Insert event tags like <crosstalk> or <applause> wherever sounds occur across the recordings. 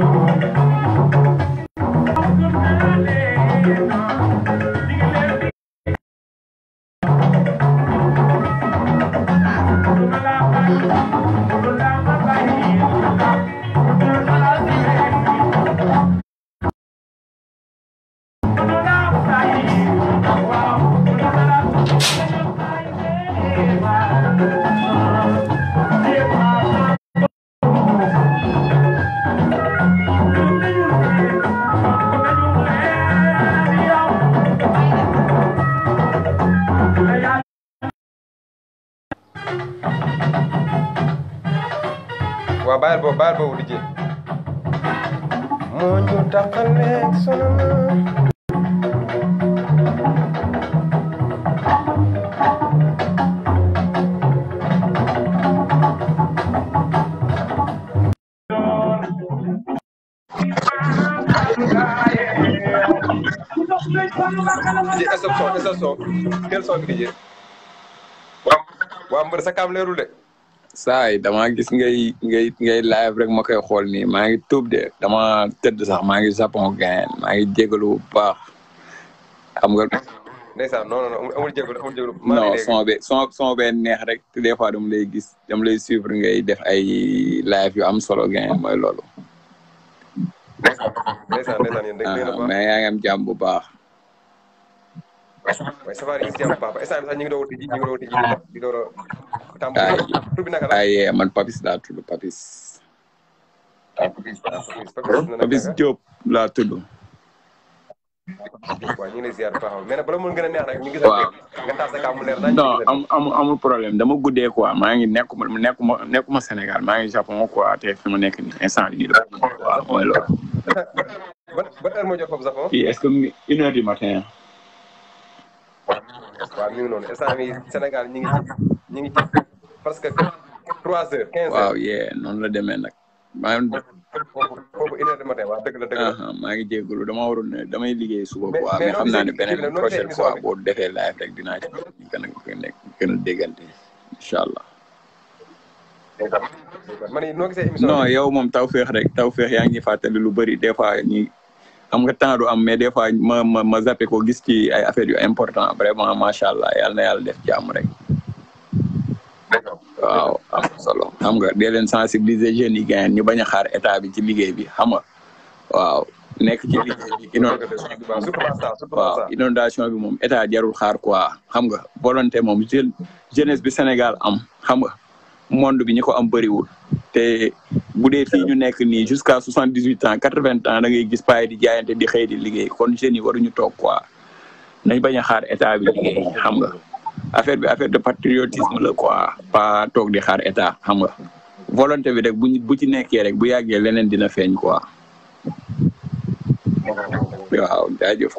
Thank you. son bi saay damaa gis ngay ngay ngay live rek ma koy xool nii maa ngi tuub de dama tëdd sax maa ngi japon gain maa ngi jégalu baax xam nga ndeysaan non non amul jégalu neex rek te des fois dama gis dama lay suivre ngay def ay live yu am solo gain mooy loolu ah, mais yaa ngi bu baax waaye safari si bi sax ñu a tijji ñu ngi doog a tijji di door a tàmbali tur ay eh, man Papis laa tudd Papis Papis Diop laa tudd waaw ñu ngi lay ziar bu baax mais nag bala mu gën ñu ngi sa nga problème dama guddee quoi maa ngi nekkuma nekkuma nekkuma Sénégal maa ngi Japon quoi te fi ma nekk nii instant bii la waaw mooy loolu <laughs> ban ban moo jot foofu Japon fii est-ce une heure du matin waaw mi ngi noonu instant bi Sénégal ñi ngi ngi ci parce que trois heures quinze heures waaw yee noonu la demee nag maa ngi foofu une heure du matin uh-huh, maa ngi jégalu dama waroon damay liggéey suba quoi mais xam naa ne beneen prochaine fois boo defee live rek dinaa ci gën a nekk gën a déggante incha allah man noo gisee émission non yow moom taw féex rek taw féex yaa ngi fàttali lu bëri des fois xam nga temps du am mais des fois ma ma ma zappe ko gis ci ay affaires yu important vraiment macha allah yàlla na def jàmm rek. waaw am solo xam nga dee leen sensibiliser jeunes yi gain ñu bañ a xaar état bi ci liggéey bi xam nga waaw. nekk ci liggéey bi <laughs> inondation bi waaw inondation bi moom état jarul xaar quoi xam nga volonté moom jeunesse bi Sénégal am xam nga. monde bi ñu ko am bëriwul te bu dee fii ñu nekk nii jusqu'à soixante dix huit ans quatre vingt ans da ngay gis paay di jaayante di xëy di liggéey kon jeunes yi waruñu toog quoi nañ bañ a xaar état bi liggéey xam nga affaire bi affaire de patriotisme la quoi pas toog di xaar état xam nga volonté bi rek bu bu ci nekkee rek bu yàggee leneen dina feeñ quoi waaw jaajëf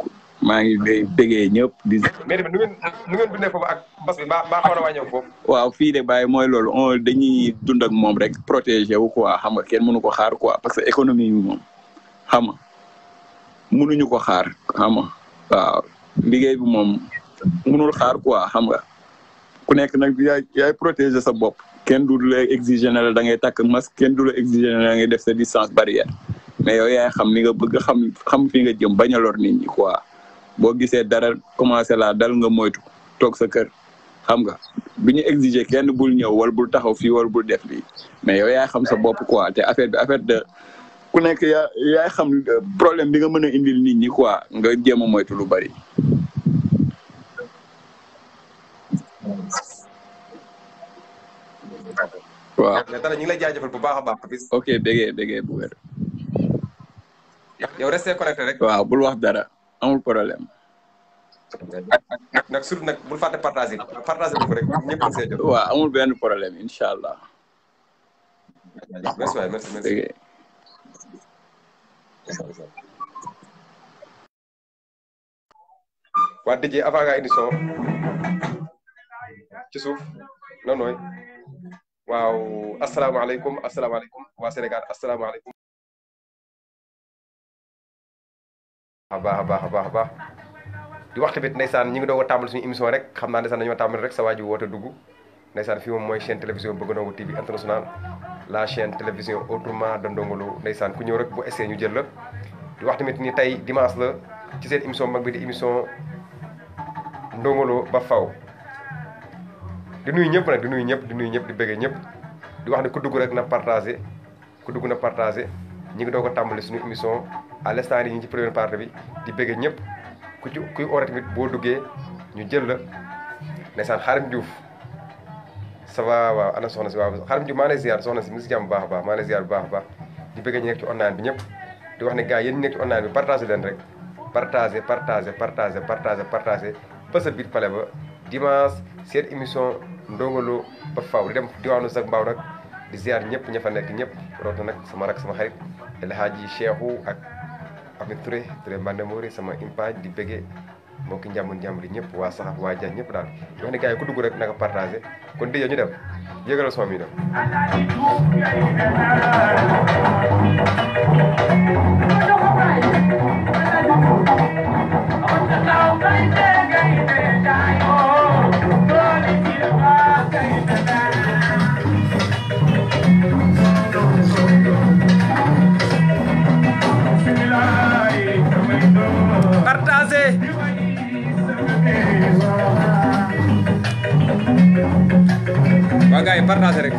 maa ngi bëggee ñëpp di. mais nu ngeen nu ngeen dundee foofu ak mbas bi mbaa xaw na wàññeeku foofu. waaw fii de bàyyi mooy loolu on dañuy dund ak moom rek protéger wu quoi xam nga kenn mënu ko xaar quoi parce que économie bi moom xam nga mënuñu ko xaar xam nga waaw liggéey bi moom mënul xaar quoi xam nga ku nekk nag yaay yaay protéger sa bopp. kenn du la exiger ne la da ngay takk masque kenn du la exiger ne ngay def sa distance barrière mais yow yaay xam li nga bëgg xam xam fi nga jëm bañ lor nit ñi quoi. Bogi gisé dara commencé la dal nga moytu tok sa kër xam nga biñu exigé kenn bul ñëw wal bul taxaw fi wal bul def li mais yow yaay xam sa bop quoi té affaire bi affaire de ku nekk ya, yaay xam euh, problème bi nga mëna indil nit ñi quoi nga jéem moytu lu bari waaw dara ñu ngi lay bege bu baax baax ok bégee bégee bu wér yow rek bul wax dara amul problème. nag nag surtout nag bul fàtte partagé partagé ko rek ñëpp a see jot. waaw amul benn problème incha allah. merci waay merci merci. waa DJ avant nga indi son ci suuf non nooy waaw asalaamaaleykum asalaamaaleykum waa Sénégal asalaamaaleykum. a baax a baax baax a baax di wax tamit ndeysaan ñi ngi doog a tàmbali suñu émission rek xam naa ndeysaan dañoo tàmbali rek sa waa ji woote dugg ndeysaan fii moom mooy chaîne télévision Bëgg Ndongo TV international la chaîne télévision autrement de Ndongo Lo ndeysaan ku ñëw rek bu essayé ñu jël la di wax tamit ni tey dimanche la ci seen émission mag bi di émission Ndongo ba faw di nuy ñëpp nag di nuy ñëpp di nuyu ñëpp di bëggee ñëpp di wax ne ku dugg rek na partagé ku dugg na partagé ñi ngi doog a tàmbali suñu émission ale l'instant yi ñu ngi di bëgg ñëpp ku ci kuy ore boo duggee ñu jël la ndeysaan xaarim juuf ça va waaw ana soxna si waaw xaarim Diouf maa lay ziar soxna si mu si jàmm bu baax a baax maa lay ziar baax a baax di bëgg ñu nekk online bi ñëpp di wax ne gars yéen ñu nekk ci online bi partagé leen rek partagé partage partagé partagé partagé ba sa biir pale ba dimanche seen émission Ndongo ba faw di dem diwaanu sax mbaaw nag di ziar ñëpp ña fa nekk ñëpp root na nag sama rak sama xarit El Hadji Cheikhou ak Amin Touré Souleymane muri sama impa di bëggee mbokki njàmbur njàmbur ñëpp puasa wajahnya waa iya Yang ñëpp kayak di wax ne gars yi ku dugg rek naka partagé gars yi partagé rek.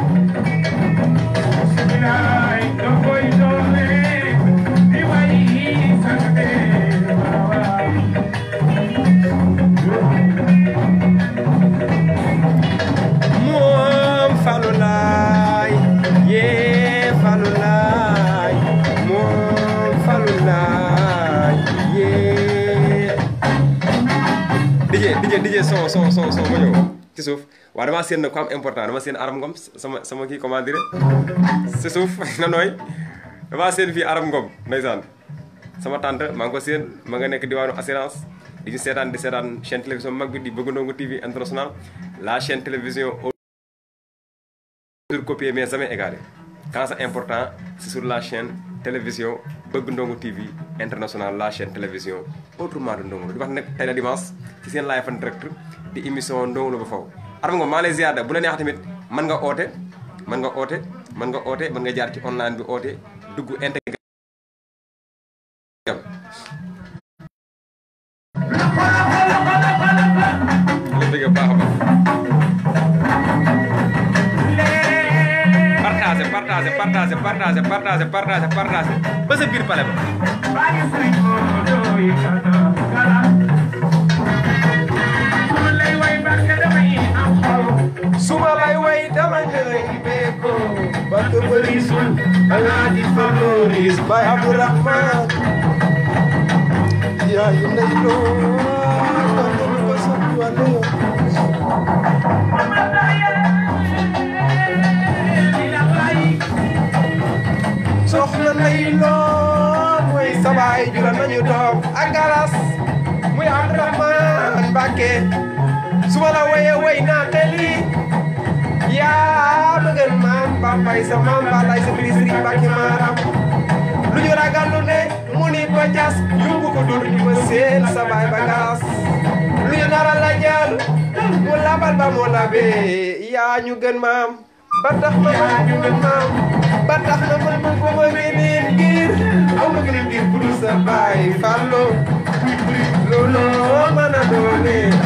DJ DJ DJ son son son son ma ñëw ci suuf waaw damaa important dama seen aram ngom sama sama kii comment dire ci suuf <laughs> na nooy seen fii aram ngom ndeysaan sama tante maa ngi ko seen ma nga nekk diwaanu assurance di ñu seetaan di seetaan chaîne télévision mag bi di Bëgg Ndongo TV international la chaîne télévision sur copier mais jamais égalé important sur la chaîne télévision Bëgg Ndongo TV international la chaîne de Ndongo di wax nag tey la dimanche ci seen live en direct di émission Ndongo Lo ba faw Arma Ngom maa lay ziar bu la neex tamit man nga oote mën nga oote mën nga oote mën nga jaar ci online bi oote dugg intégré la dëgg baax a baax partagé partagé partagé partagé ba sa biir pale ba suma bay way dama ngay beko bakk bërisul alaaji favoris bay abdourahman yaayu ndey loo ko sant wàllu soxna ndey loo mooy sabaay jural nañu doom ak galas muy abdourahman mbàkke suma la waye na teli ya ma man maam isa man bala isa sa biri sëriñ mbàkke maaram lu ñu ragal lu ne mu jas ko di mesin seen sa baay lu nara la jaan mu labal ba moo labe yaa ñu gën maam ba tax ma yaa ñu gën maam ba tax na man ko ma ngir ngir bu sa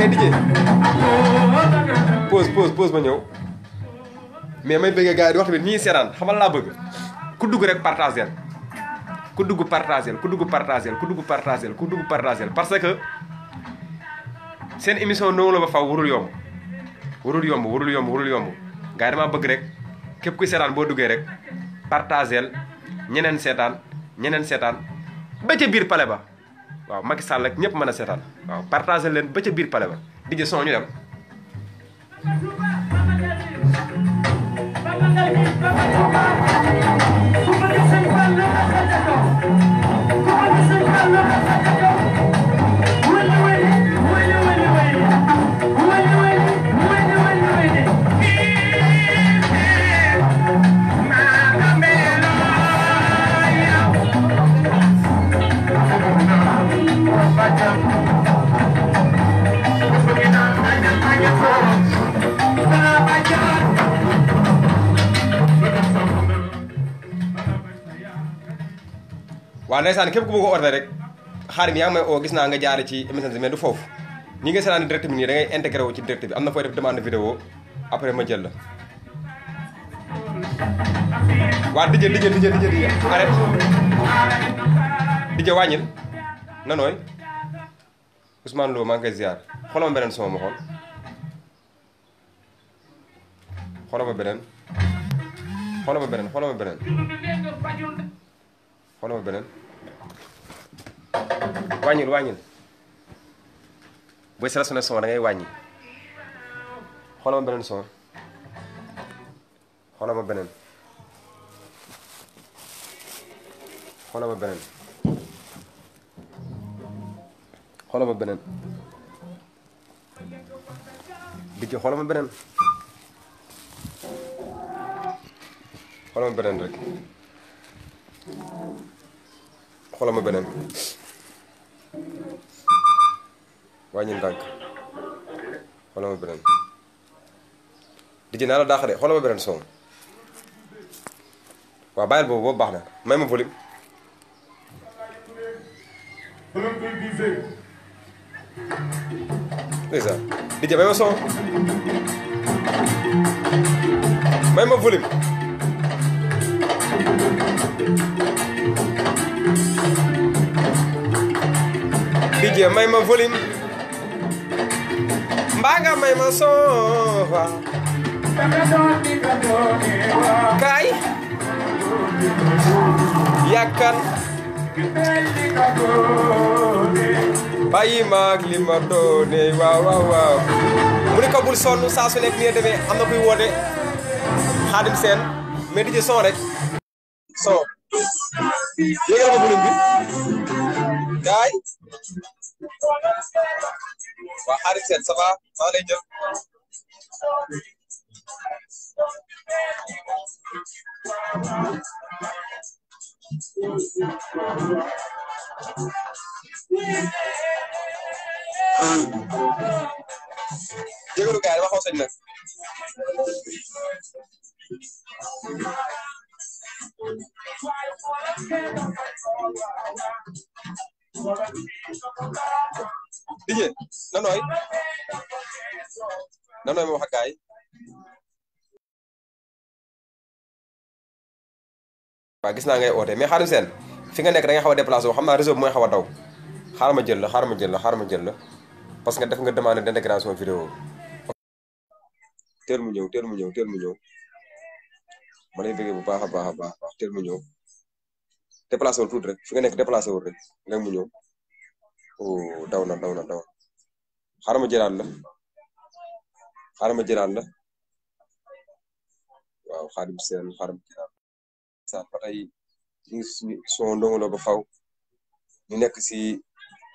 kay dijee pause pause pause ma ñëw mais may bëggee gars yi di wax tamit ñii seetaan xamal laa bëgg ku dugg rek partagel ku dugg partagel ku dugg partagel ku dugg partagel ku dugg partagel parce que seen émission noonu la ba faw warul yomb warul yomb warul yomb warul yomb gars bëgg rek képp kuy seetaan boo duggee rek partagel ñeneen seetaan ñeneen seetaan ba ca biir pale ba waaw Macky Sall ak ñëpp mën a seetaan waaw partagé leen ba ca biir pale ba di jë son ñu dem Baba waaw ndeysaan képp ku bëgg ordre rek xaarim yaa ngi may oo gis naa nga jaare ci émission bi du foofu ñi nga seetaan direct bi nii da ngay intégré wu ci direct bi am na fooy def demande vidéo après ma jël la waa dijë dijë dijë dijë dijë arrête dijë wàññil na nooy Ousmane Lo maa ngi koy ziar xoolal beneen sama ma xool beneen xoolal beneen xoolal beneen xoolal beneen wàññil wàññil booy sélectionné son da ngay wàññi xoolal ma beneen son xoolal ma beneen xoolal ma beneen xoolal ma beneen digg xoolal ma beneen xoolal beneen rek xoolal ma beneen wàññil ndànk xoolal ma beneen dijj naa la daax de o ma beneen son waaw bàyyil boobu boobu baax na may ma volume déjà dijj may ma son may ma volume DJ may ma volume mbaa nga may ma son wa kaay yàkkan bàyyi li ma doone waaw mu ne ko bul sonn saa su nekk nii demee am kuy woote Xaadim Seen mais DJ son rek son yéegal ma volume bi Guys, ba harshen sa ba, malajin. Jigoro ga yarba hausa nan. DJ Nanoy Nanoy ma wax ak gaay gis naa ngay oote mais Khadim Sène fi nga nekk da ngay xaw a déplacé xam naa mooy xaw a daw xaaral ma jël la ma jël la xaaral ma jël la parce que def nga demande d'intégration vidéo teel mu ñëw teel mu ñëw teel mu ñëw ma lay bu baax a baax a baax teel mu ñëw déplacé wul tuuti rek fi nga nekk déplacé wul rek nga mu ñëw oh daw na daw na daw na xaaral ma jëlaat la xaaral ma jëlaat la waaw Xaadim Seen xaaral ma jëlaat la sax ba faw ñu nekk si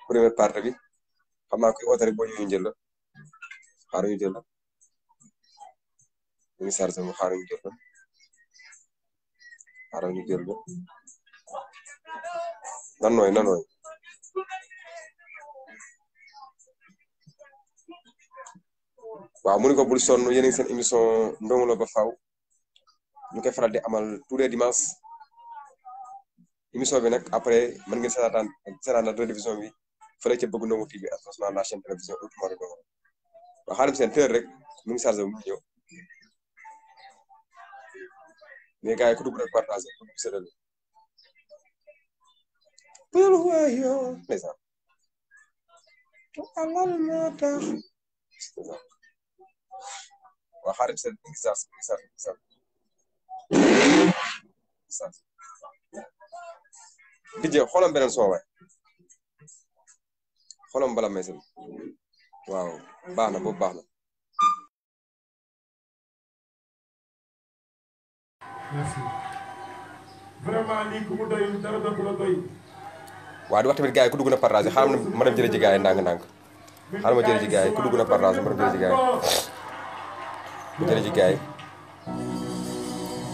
première partie bi xam naa koy oote rek boo ñëwee jël la xaaral ñu jël la ñu ngi chargé jël la xaaral jël la. na nooy na nooy waaw mu ni ko bul sonn émission Ndongo Lo ba faaw ñu koy faral di amal tous les dimanches émission bi nag après mën ngeen seetaan seetaan télévision bi fële ca bëgg Ndongo TV télévision autrement de Ndongo waaw xaaral seen rek mu ngi chargé bu mu ñëw mais gars yi ku dugg rek partagé për waayo ndeysaan lan moo tax waa xarit seen ngi sas ngi sas ngi sas sas bijje xolam beneen soowaay xolam bala may seen waaw baax na boobu baax na merci vraiment lii ku mu doyul dara dootu la doy waaw di wax tamit gars yi ku dugg na partage xaaral ma dem jëlee ci gars yi ndànk-ndànk xaaral ma jëlee ci ku dugg na partage ma dem jëlee ci gars yi ma jëlee ci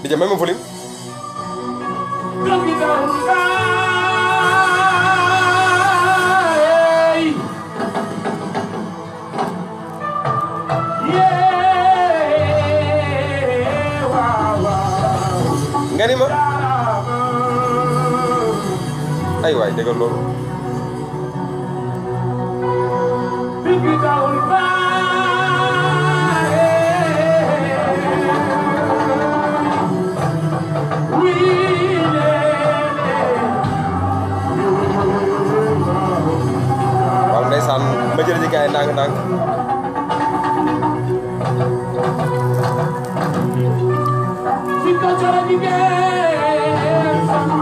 di jëm même volume ay waay dëggal loolu waaw ndeysaan ma jël ci gaay ndànk-ndànk Thank you.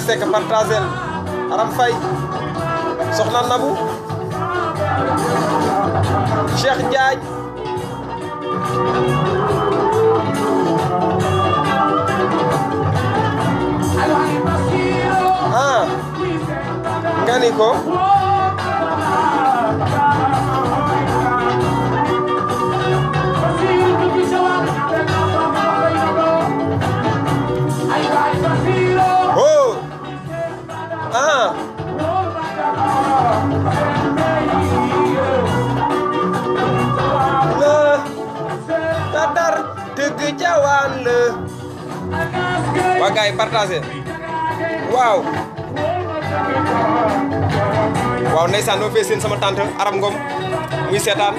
Alain Seck partagel Aram Soxna Nabou Cheikh Ndiaye ah waa gars yi partagé waaw waaw ndeysaan sama tante Arab Ngom muy seetaan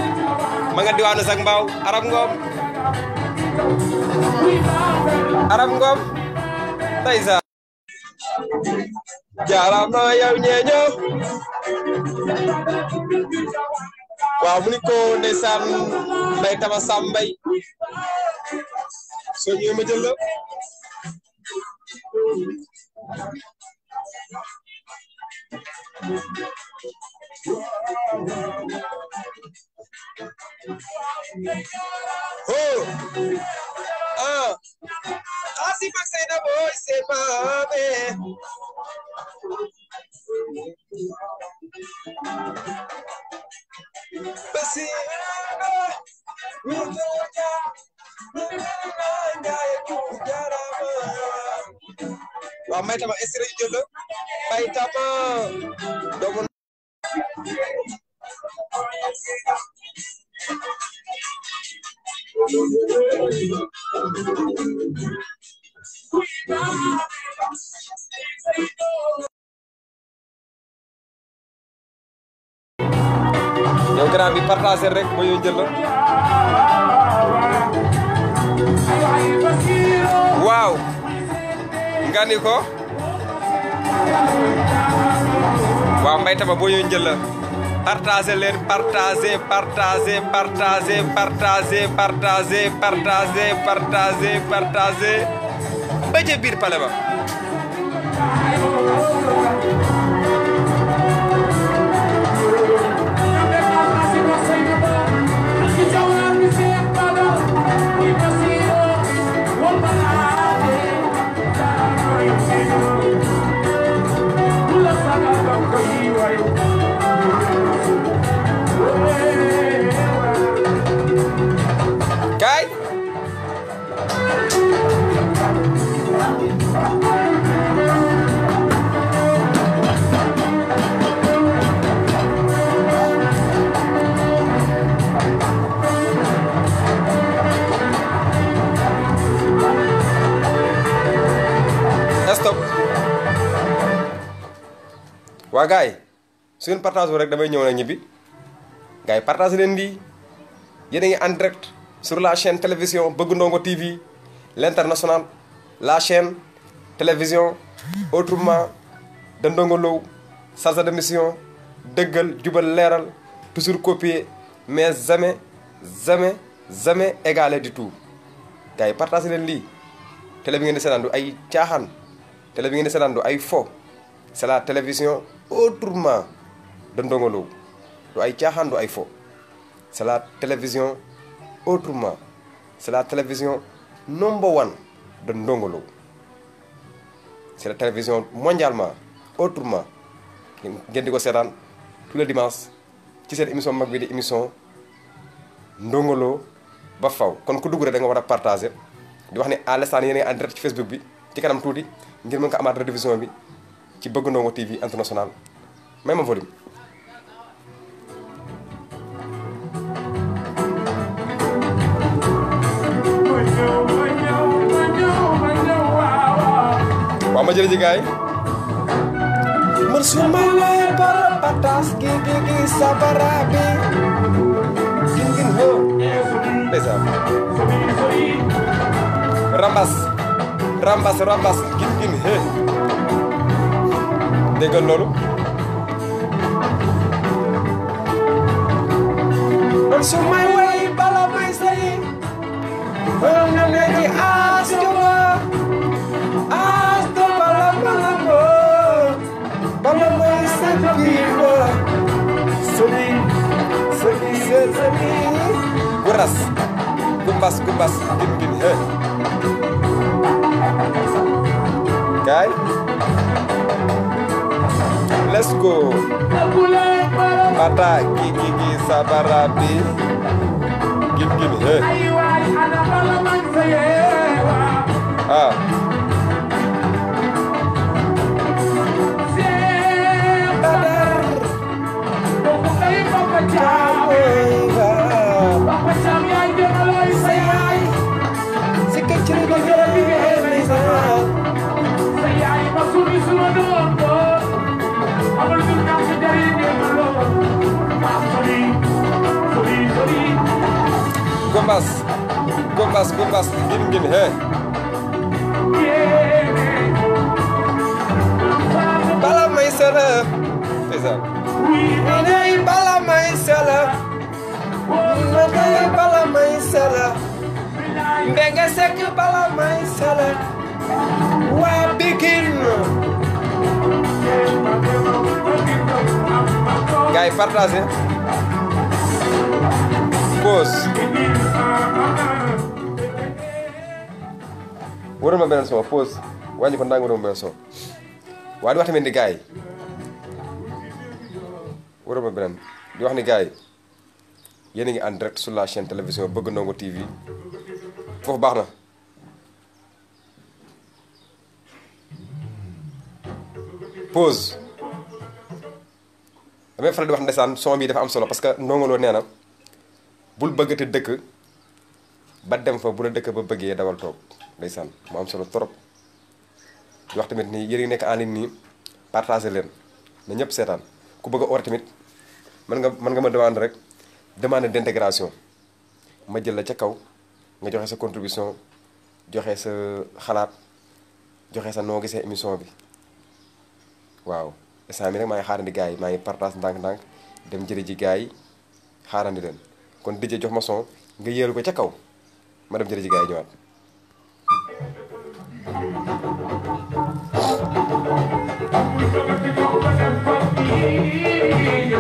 ma nga diwaanu sax mbaaw Arab Ngom Arab Ngom ndeysaan jaaraama yow ñeeño waaw mu ni ko ndeysaan nday tama sàmbay soo ñëwee ma la Oh, ah, assim vai ser na boa e se mame. Passei agora, não tô aqui, não tô aqui, não tô waaw may tama est-ce que ñu jël la may tama doomu yow grand bi partagé rek ba ñu jël la nga ni ko waaw mbay taba boo ñëwee njël la partagé leen partagé partagé partagé partagé partagé partagé partagé partagé ba ca pale ba waa gars yi su ngeen partagé rek damay ñëw na ñibbi gars yi partagé leen lii yéen a ngi en sur la chaîne télévision Bëgg Ndongo TV l'international la chaine télévision autrement de Ndongo Lo chargé de mission dëggal jubal leeral sur copier mais jamais jamais jamais égalé du tout gars partage partagé leen lii télé bi di seetaan ay caaxaan télé bi ngeen di seetaan ay fo c'est la télévision autrement de dongolo do ay caaxaan do ay fo c'est la télévision autrement c'est la télévision number one de Ndongo c'est la télévision mondialement autrement ngeen diko ko tous les dimanches ci cette émission mag bi di émission ndongolo ba faw kon ku dugg rek da nga wara partager di wax ni à l'instant yene en direct ci Facebook bi ci kanam touti ngir mën ko amat rediffusion bi ci Bëgg Ndongo TV international may ma volume. waaw ma jërëjëf gars yi. man su ma lay gi gi gi sabara gin gin hoo. rambas. rambas rambas gin gin hee. déggal loolu man su may way bala may sëy wala nga ne ci aas duma aas du bala bala bo bala may sëy ba sëmi sëmi sëmi guras gumbas gumbas bin bin he kaay Let's go. Bata gigi gigi sabarabi. Give give hey. Ah. bocas, bocas, ninguém é. Bala mais ela. Pois é. Neném bala mais ela. bala mais ela. Benga seque bala mais ela. Ué, pequeno. Gai para trás, hein? Cos. wëral ma beneen son pause wàññi ko ndànk wëral ma beneen son waaye di wax tamit ni gars yi wëral ma beneen di wax ni gars yi yéen a ngi en direct sur la chaîne télévision Bëgg Ndongo TV foofu baax na. pause damay faral di wax ndesaan son bi dafa am solo parce que Ndongo nee na bul bëggati dëkk ba dem fa bu la dëkk ba bëggee dawal toog. ndaysan mo am solo torop wax tamit ni yeri nek en ligne ni partager len na ñep sétane ku bëgg or tamit man nga man nga ma demande rek demande d'intégration ma jël la ca kaw nga joxe sa contribution joxe sa xalaat joxe sa no gisee émission bi waaw instant bi rek ma ngi xaarandi gars yi maa ngi partage ndank ndank dem jëri ji gaay yi xaarandi leen kon dijje jox ma son nga yéelu ko ca kaw ma dem jëri ji gaay yi ñëwaat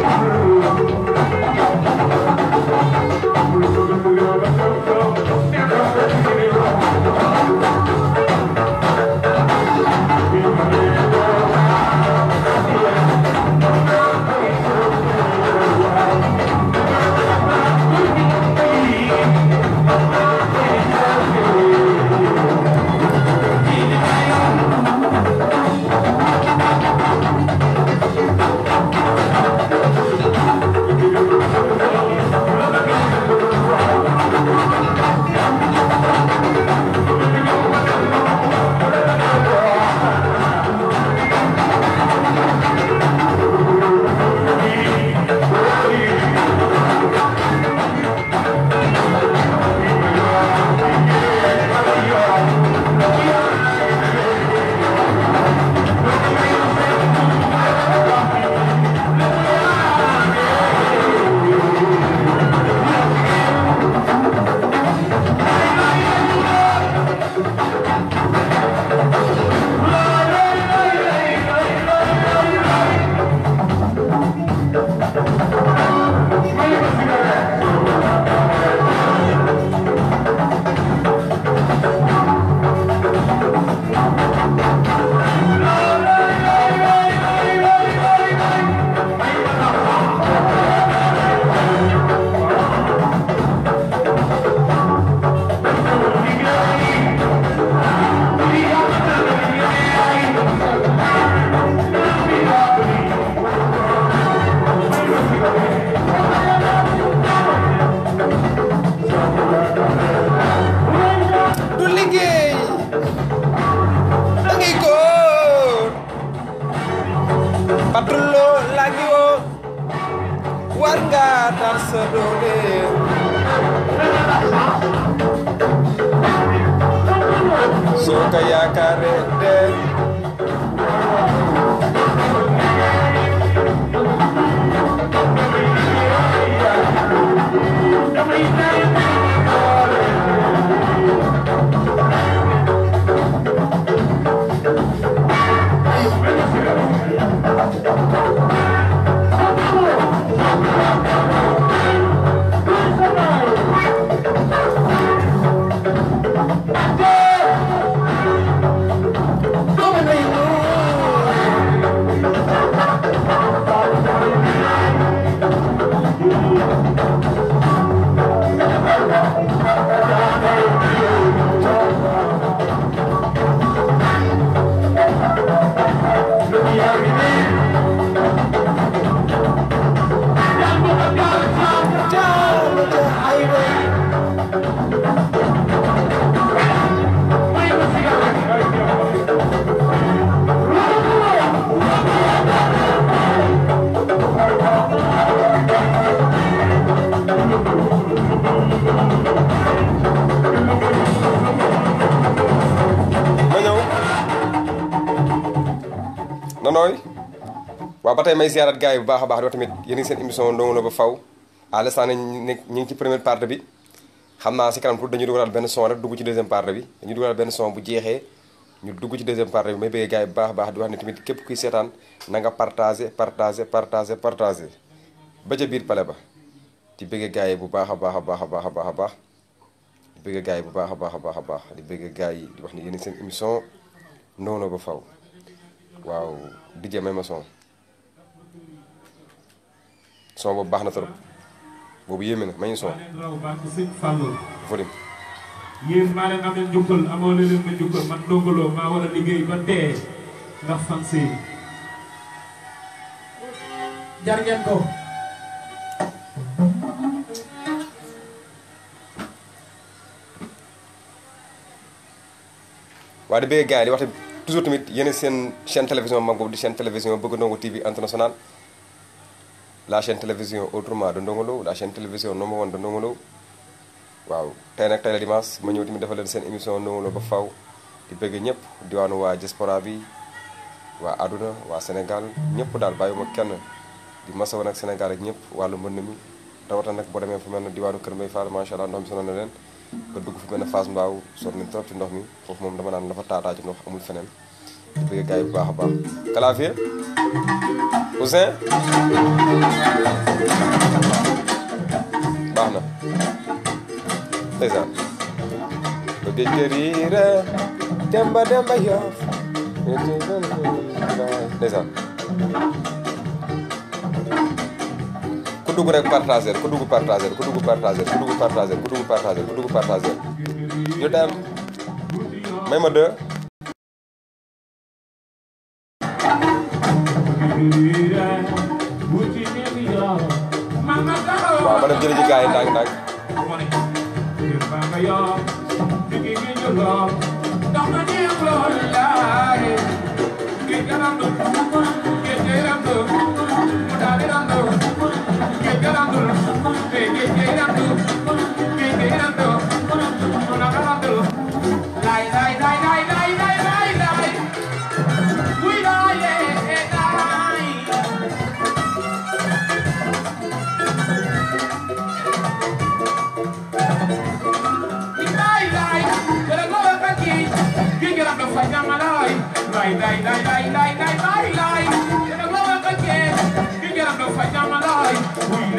Thank you. waaw ba tey may ziarat gars yi bu baax a baax doo tamit yéen ngi seen émission Ndongo Lo ba faw à l'instant nañ ne ñu ngi ci première partie bi xam naa si kanam tuuti dañuy dugalaat benn son rek dugg ci deuxième partie bi dañuy dugalaat benn son bu jeexee ñu dugg ci deuxième partie bi may bëggee gars yi bu baax a baax di wax ne tamit képp kuy seetaan na nga partagé partagé partagé partagé ba ca biir pale ba di bëggee gars yi bu baax a baax a baax a baax a baax a baax di bëggee gars yi bu baax a baax a baax a baax di bëggee gars yi di wax ne yéen seen émission Ndongo Lo ba faw waaw di jëmee ma son son boobu baax na trop boobu yéeme na ma ñu son. maa leen raw maa leen amee ma njukkal man Ndongo Lo maa a liggéey ba dee ndax ko. waaye di bëgg gars yi di wax toujours tamit yéen seen chaîne télévision mag boobu di chaîne télévision bëgg Ndongo TV international la chaîne télévision autrement de Ndongo Lo la chaîne télévision number one de Ndongo Lo waaw tey nag tey la dimanche ma ñëw tamit defal leen seen émission Ndongo Lo ba faw di bëgg ñëpp diwaanu waa diaspora bi waa àdduna waa Sénégal ñëpp daal baay bàyyiwuma kenn di masawoon ak Sénégal ak ñëpp wàllu mbënn mi rawatina nag boo demee fu mel ne diwaanu Kër Mbaye Fall macha allah fu mel ne Fass Mbaaw sonn nañ ndox mi foofu moom dama naan la taataa ci ndox amul feneen di bëgg gars bu baax a baax clavier baax na ndeysaan bëgg kër yi rek demba demba yoof ndeysaan ku dugg rek partager ku dugg partager ku dugg partager ku dugg partager ku dugg partager ku dugg partager ñu dem may ma deux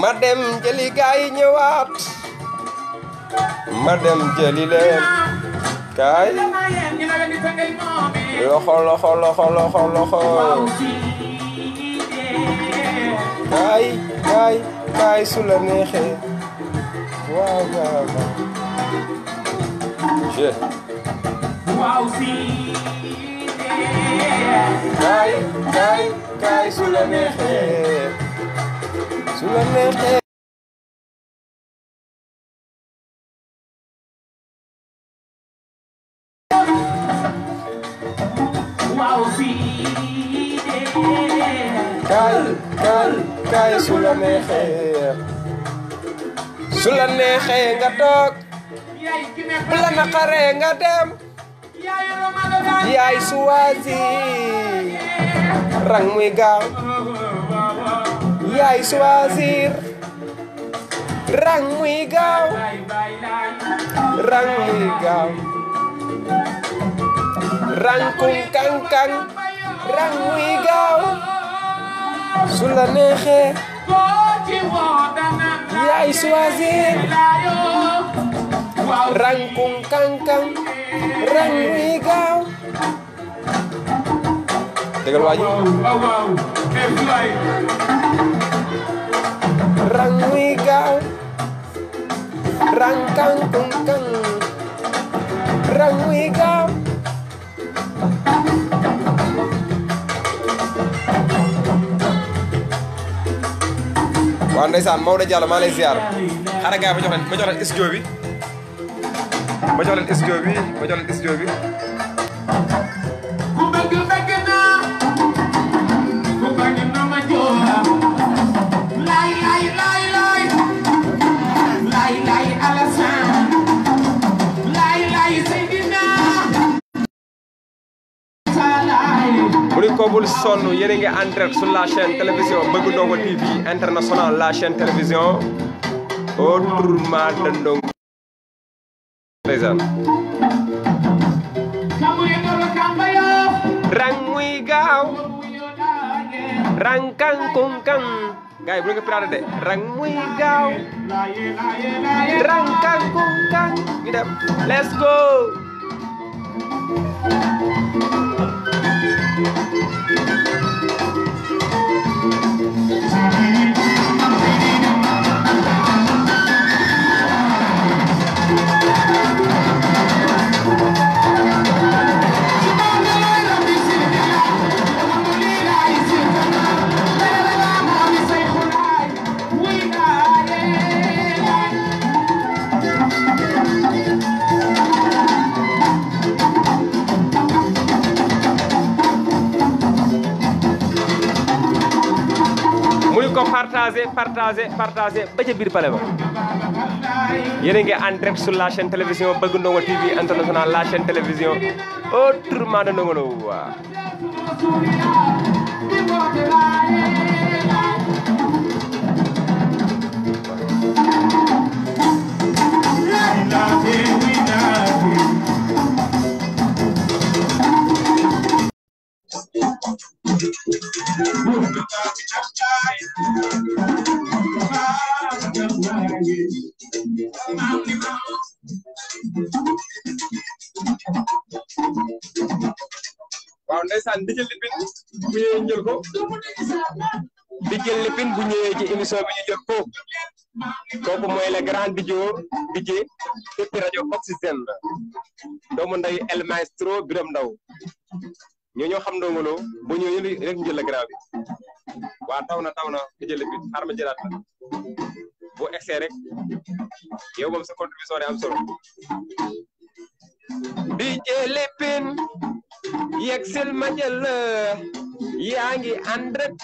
ma dem jëli gaay ñëwaat ma dem jëli leen kaay loxo loxo loxo loxo loxo kaay kaay kaay su la neexee waaw waaw waaw kaay kaay kaay su Solamente wow kaay kaay su la neexee su la neexee nga toog bu dem yaay suwaasi rang muy yaay choisir rang muy gaaw rang muy gaaw rang kum kankan rang rang kum kankan dëggal waaji rang muy gaaw rang kang kung kang rang muy gaaw waaw ndeysaan Maodo Diallo maa lay ziar xaaral gaay ma jox leen ma jox leen studio bi ma jox leen studio bi ma jox leen studio bi sonn yéen a ngi en direct sur la chaîne télévision Bëgg Ndongo TV international la chaîne télévision autrement de Música partagé partagé partagé ba ca biir pale ba yéen a ngi en direct sur la chaîne télévision Bëgg Ndongo TV international la chaîne télévision autrement de Ndongo wa. waa Thank you. waaw ndeysaan ndigal lipin bu ñëwee jël ko ndigal lipin bu ñëwee ci émission bi ñu jël ko kooku mooy le grand DJ DJ depuis rajo Oxygène doomu Biram Ndaw ñoo ñoo xam Ndongo Lo rek ñu jël la grand bi waa taw na taw na nga jël bi xaar ma jëlaat la boo egsee rek yow moom sa contribution day am solo di jëlee pin yegg sil ma jël ngi en direct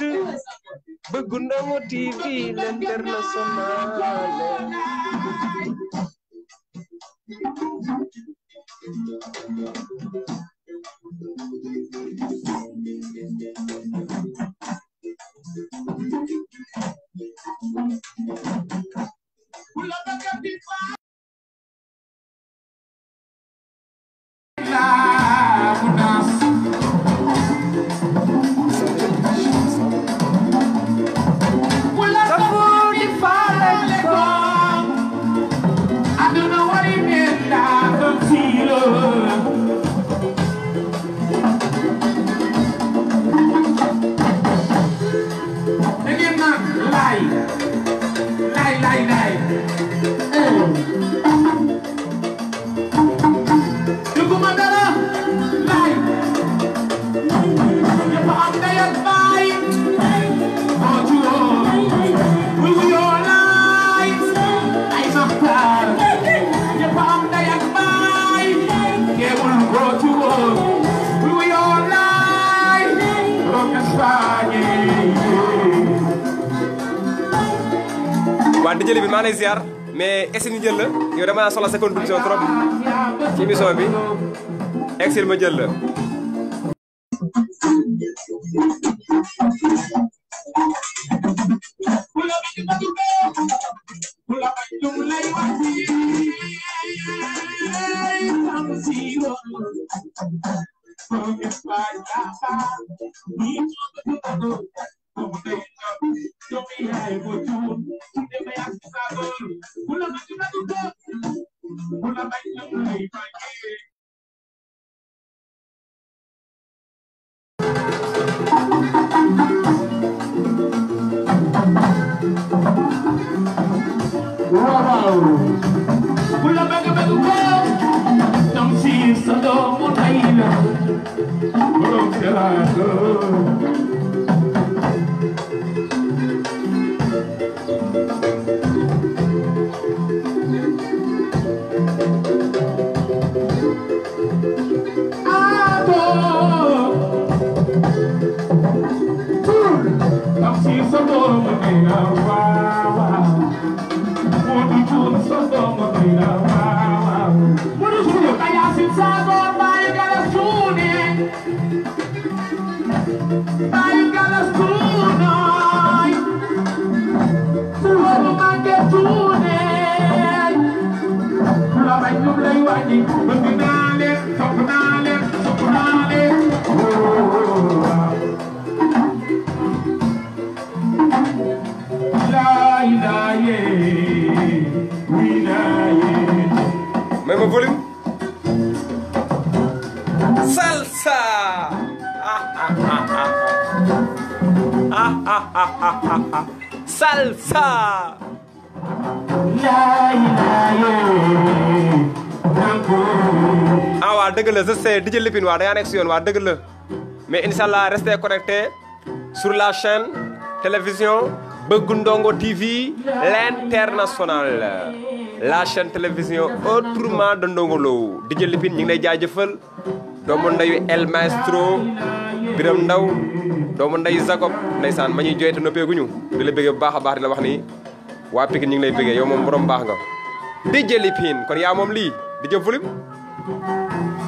bëggu naa soxla sa contribution trop ci mission bi exil ma jël la waa dëgg la je sais DJ Lépine waa da ngaa nekk waa dëgg la mais incha allah restez connectés sur la chaîne télévision Beug Ndongo TV l'international la chaîne télévision autrement de Ndongo di jël Lépine ñu ngi lay jaajëfal doomu ndeyu El Maestro Biram Ndaw doomu ndeyu Jacob ndeysaan ma ñuy jooyte noppeeguñu di la bëggee bu baax a baax la wax ni waa Pikine ñu ngi lay bëggee yow moom baax nga DJ Lépine kon yaa moom lii DJ volume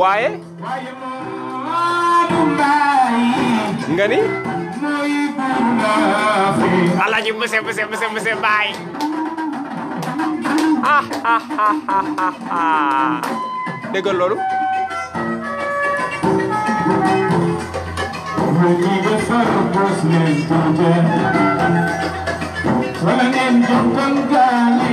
waaye nga ni alaaji muse muse muse muse baay ah ah ah, ah ah ah déggal loolu wala ngeen jox kon gaali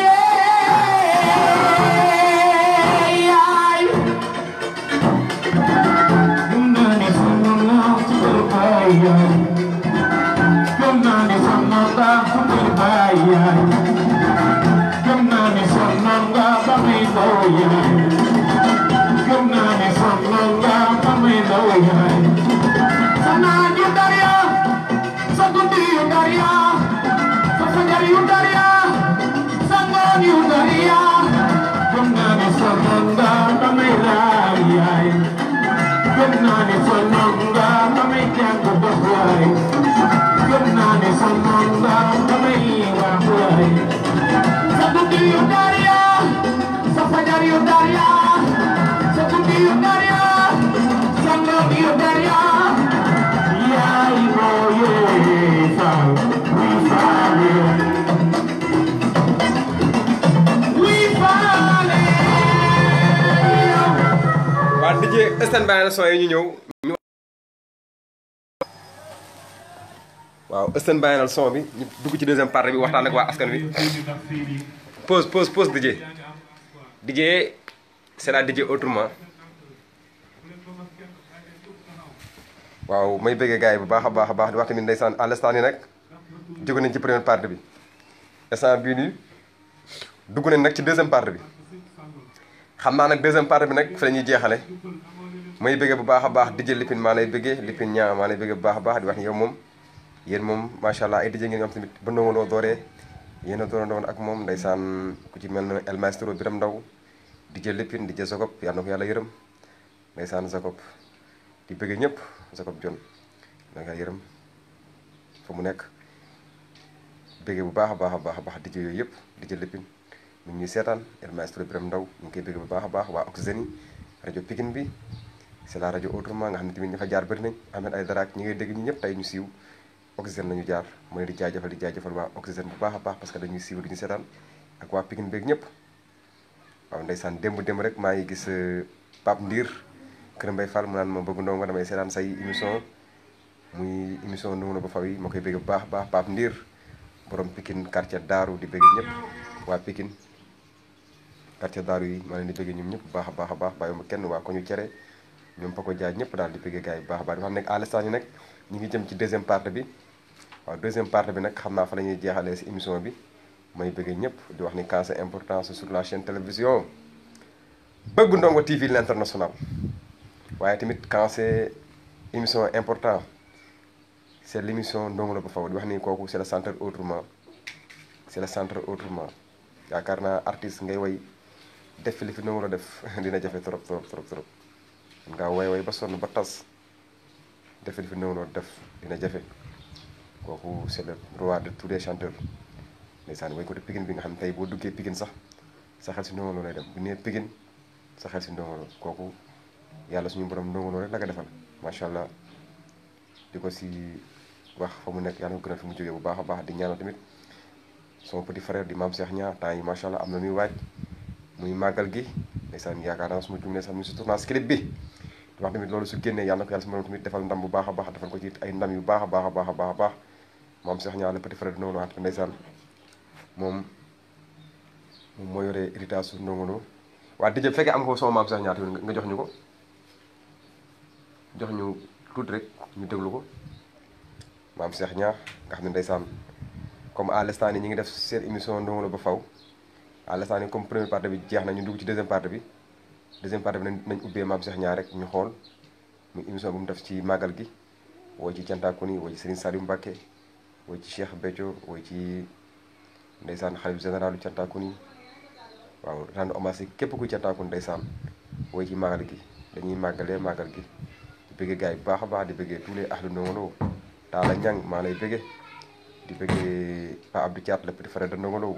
yaay yaay gëm naa ni sonn nga ba muy daw yaay Western Banana yi ñu ñëw waaw Western Banana son bi dugg ci deuxième partie bi waxtaan ak waa askan wi pause pause pause DJ DJ c'est la DJ autrement waaw may bëggee gars yi baax a baax a baax di wax tamit ndeysaan à l'instant nii nag jóge nañ ci première partie bi instant bii nii dugg nañ nag ci deuxième partie bi xam naa nag deuxième partie bi nag fi la ñuy jeexale may bëggee bu baaxa baax dijël lipin ma lay bëggee lipin ñaa ma lay bëggee bu baaxa baax di wax ni mom yeen mom ma sha allah ay dijël ngeen yoo tamit ba ndongaloo dooree yeen do doon ak mom ndaysan ku ci mel El Maestro Biram Ndaw dijël lipin dijël zakop ya nako yalla yàlla ndaysan zakop di bëggee ñëpp zakop Jon da nah, ya nga yërëm fa mu nekk bëggee bu baaxa baaxa baax baax dijël baax yëpp dijël lipin ñu ngi ñuy El Maestro Biram Ndaw ñu ngi koy bu baaxa baax wa Oxygène radio Pikine bi c'est la radio autrement nga xamni timine fa jaar bari nañ amel ay ak ñi ngay dégg ñi ñep tay ñu siiw oxygène lañu jaar mo ne di jaajëfal di jaajëfal waa oxygène bu baaxa baax parce que dañuy siiw duñu seetaan ak wa Pikine beeg ñep waaw ndaysan demb demb rek ma ngi gis euh, pap Ndir kërëm bay Fall mu naan ma bëgg nga damay seetaan say émission muy émission ndungu na ba faw yi ma koy bëgg baax baax pap Ndir borom Pikine quartier daru di bëgg ñep wa Pikine quartier daru yi ma leen di bëgg ñum ñep baax a baax a baax bàyyi ma kenn wa ko ñu ciéré ñoom Paco Dia ñëpp daal di bëggee gars yi baax a baax nga xam ne à l'instant nag ñu ngi jëm ci deuxième part bi waaw deuxième partie bi nag xam naa fa la ñuy jeexalee si émission bi may bëggee ñëpp di wax ni quand c'est important sur la chaîne télévision bëgg ndongo TV l'international waaye tamit quand c'est émission important c'est l'émission ndongo la ba faw di wax ni kooku c'est le centre autrement c'est le centre autrement yaakaar naa artiste ngay woy def li fi ndongo la def <laughs> dina jafe trop trop trop nga way way ba sonn ba tas def def néew noonu def dina jafé koku c'est le roi de tous les chanteurs ndeysaan way ko te Pikine bi nga xam tay bo duggé duggee sax sa xal ci Ndongo Lo lay dem bu nee Pikine sa xal ci Ndongo koku yalla suñu borom Ndongo rek la ko defal sha allah diko ci si wax fa mu nekk yàlla ko gëna fi mu jógee bu baaxa baax di ñaanal tamit son petit frère di mam Cheikh Niang tay ma sha allah am na muy muy màggal gi ndeysaan yaakaar naa suma jumlee sax mu si tournage script bi di wax tamit loolu su génnee yàlla na ko yàlla defal ndam bu baax a baax defal ko ci ay ndam yu baax a baax a baax a baax a baax moom sax ñaa la moom moom moo yore héritage su Ndongo Lo waa dijë am ko sama maam sax ñaa tamit nga jox ñu ko ñu tuuti rek ko maam Cheikh Niakh nga xam ne ndeysaan comme à yi ni ñu ngi def seen émission Ndongo Lo ba faw à l'instant comme première partie bi jeex na ñu dugg ci deuxième partie bi deuxième partie bi nañ nañ ubbee maam Cheikh Niang rek ñu xool muy émission bu mu def ci màggal gi wooy ci cantaaku ni wooy ci Serigne Saliou Mbacké ci Cheikh Béthio wooy ci ndeysaan xalif généralu cantaaku ni waaw rendre hommage képp ku kuy cantaaku saan wooy ci màggal gi dañuy màggalee màggal gi di bëggee gars yi baax a baax di bëggee tous les ahlu Ndongo Lo Talla Niang maa lay bëggee di bëggee Pa Abdou Thiat le petit frère de Ndongo Lo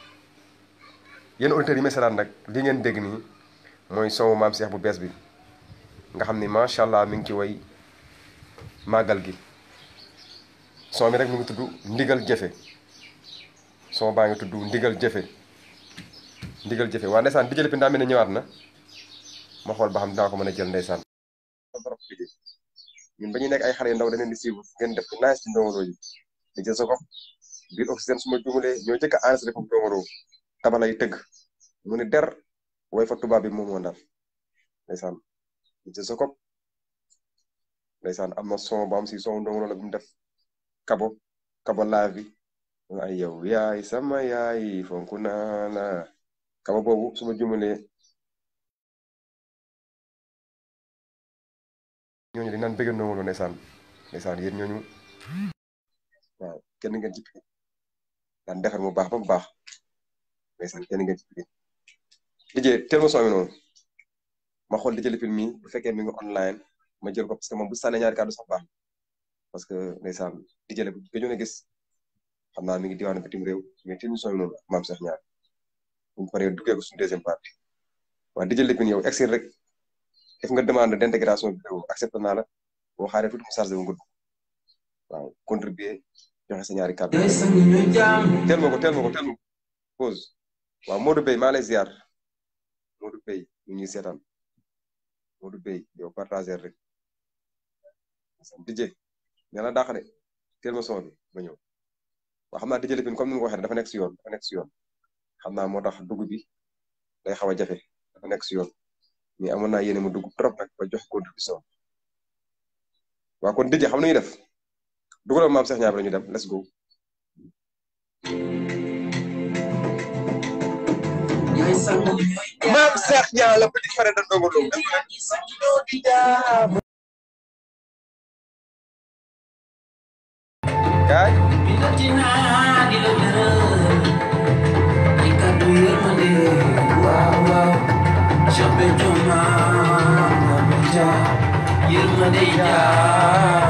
yéen auditeurs yi may saraan nag li ngeen dégg nii mooy soowu maam Cheikh bu bees bi nga xam ni macha allah mi ngi ci way màggal gi soow bi rek mi ngi tudd ndigal jëfe son baa ngi tuddu ndigal jëfe ndigal jëfe waa ndeysaan dijël bi ndaa mel ne ñëwaat na ma xool ba xam dinaa ko mën a jël ndeysaan ñun ba ñuy nekk ay xale yu ndaw dañu leen di suivre ngeen def nice ci Ndongo Lo yi di jël sa gox biir oxygène su ma jumalee ñoo jëkk a enregistré foofu Ndongo tabalay tëgg mu ni der way fa tubaab bi moom moo ndar ndeysaan ci sa am na son bu am si son dong loolu bu mu def kabo kabo live bi ay yow yaay fonku naa la kabo boobu su ma jumalee ñooñu dañ naan bëgg ndongo lo ndeysaan ndeysaan yéen ñooñu waaw kenn ngeen defar mu baax ba mu ndeysaan kenn ngeen ci biir Didier teel ma soo noonu ma xool Didier Lépine mi bu fekkee mi ngi online ma jël ko parce que moom bu sànnee ñaari kàddu sax baax parce que ndeysaan Didier Lépine nga ñëw gis xam naa mi ngi diwaan bitim réew mais teel ma soo amee noonu maam sax ñaar bu ñu paree duggee ko suñu deuxième partie waaw Didier Lépine yow egsi rek def nga demande d' intégration vidéo accepté naa la boo xaaree tuuti mu chargé wu nga dugg waaw contribuer joxe sa ñaari kàddu teel ma ko teel ma ko teel ma ko pause waaw Modou Bey maa lay ziar Modou Bey ñu ñuy seetaan Modou Bey yow partager rek DJ nee na dàq de teel ma son bi ma ñëw waaw xam naa DJ Lépine comme ni ma waxee dafa nekk si yoon dafa nekk si yoon xam naa moo tax dugg bi day xaw a jafe dafa nekk si yoon mais amoon naa yéene mu dugg trop rek ba jox contribution waaw kon DJ xam nañu def dugalal maam Cheikh Niang bi la ñu dem let's go maam Cheikh Niang la petit frère de Ndongo Lo kaay Cheikh Béthio maam Cheikh Béthio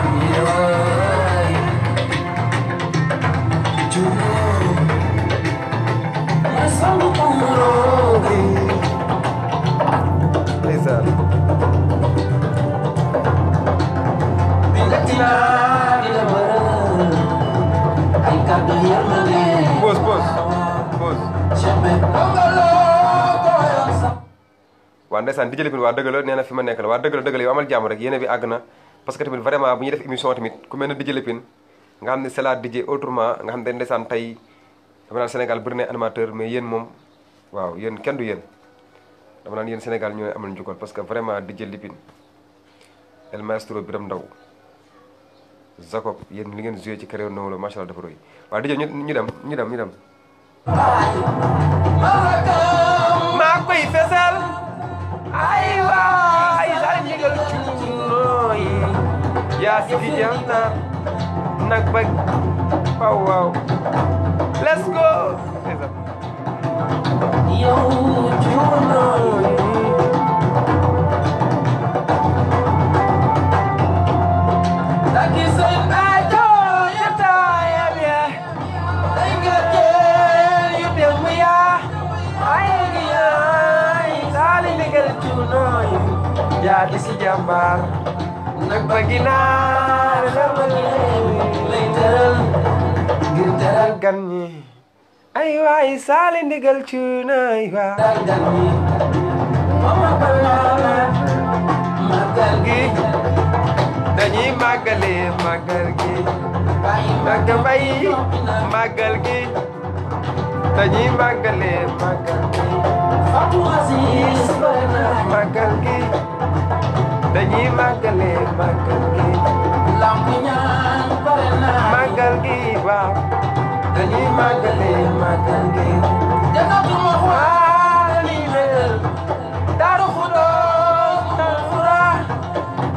waa ndeysaan di jëlipin waa dëgg la nee fi ma nekk la waa dëgg la yow amal jàmm rek yéene bi àgg parce que tamit vraiment bu ñuy def émission tamit ku mel ne di jëlipin nga xam ne c'est la DJ autrement nga xam ne ndeysaan tey dama naan Sénégal bëri animateur mais yéen moom waaw yéen kenn du yéen dama naan yéen Sénégal ñoo amal njukkal parce que vraiment di jëlipin El Maestro Biram Ndaw Jacob yéen li ngeen joué ci créé na la macha allah dafa roy waaw DJ ñu ñu dem ñu dem ñu dem aywa ay saari ndigal cuunooy yaa si di janta nak ba faw waaw let's go yow cuunooy yaa di si jàmbaar nag ba ginaar la ma lay tëral ngir tëral gan ñi ay waay saali ndigal cuuna ay waay gan ñi mama balala màggal gi dañuy màggale màggal gi nag gi dañuy màggale màggal gi Fatou Aziz gi dañuy màggale màggal gi. lamb ñaan pare naa. màggal gi waaw. dañuy màggale màggal gi. jëndatu ma waa li mel. daaru xudóos daaru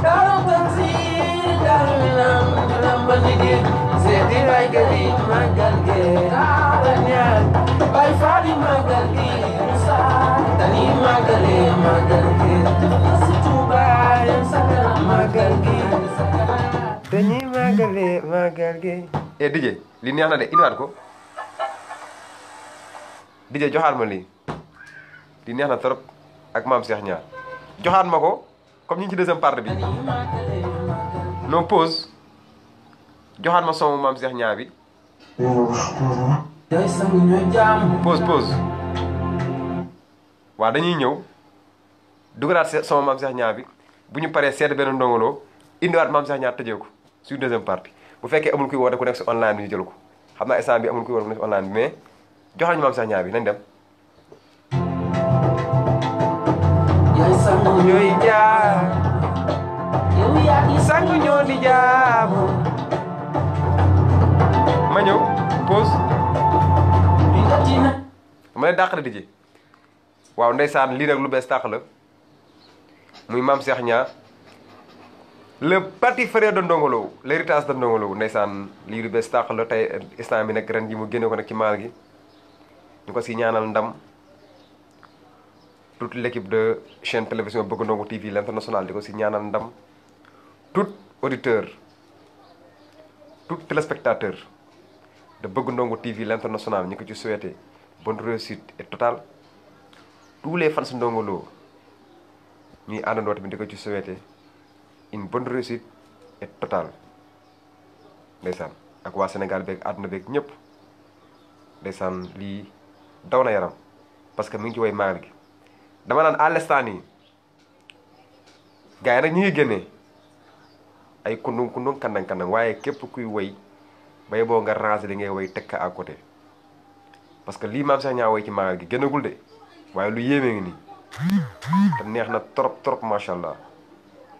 daaru tansiir daaru minam minam ba liggéey. seeti màggal gi màggal gi. daara ñaan. bay faali màggal gi. dañuy màggale màggal Gaye eh, Magal Gaye. DJ li neex na de indiwaat ko dije joxaat ma lii li neex na trop ak maam Cheikh Niar joxaat ma ko comme ñu ci deuxième partie bi non pause joxaat ma son maam Cheikh Niar bi. poos pause. waaw dañuy ñëw dugalaat sama maam Cheikh Niang bi bu ñu paree seet benn ndongoloo indiwaat maam Cheikh taje tëjee su suñu part bi bu fekke amul kuy woote ku nek ci online ñu jël ko xamna instant bi amul kuy woote ku nekk si online mais joxal ñu mam sax ñaa bi nañ dem yoy sangu ñoy jaar yoy ya ngi sangu ñoo di jaar ma ñew pause ma lay dàq di ji waaw ndaysan li nag lu bes tàq la muy mam Cheikh ñaar le petit frère de Ndongo Lo l'héritage de Ndongo Lo ndeysaan lii lu bees tàq la tey instant bi nag ren ji mu génne ko nag ci maal gi ñu ko si ñaanal ndam tout lequipe de chaîne télévision Bëgg Ndongo TV l'international di ko si ñaanal ndam tout auditeur tout téléspectateur de Bëgg Ndongo TV l'international ñu ko ci souhaité bonne réussite et totale tous les fans Ndongo Lo ñuy àndandoo tamit di ko ci souhaité une bonne réussite et totale ndeysaan ak waa Sénégal beeg àdduna beeg ñëpp ndeysaan lii daw na yaram parce que mi ngi ci way magal gi dama naan à l'instant yi nag ñu ngi génnee ay kundung kundung kandang kandang waaye képp kuy way bay boo nga ranger li ngay way teg ka à côté parce que lii maam Cheikh ñaa way ci magal gi génnagul de waaye lu yéeme ngi nii te neex na trop trop macha allah.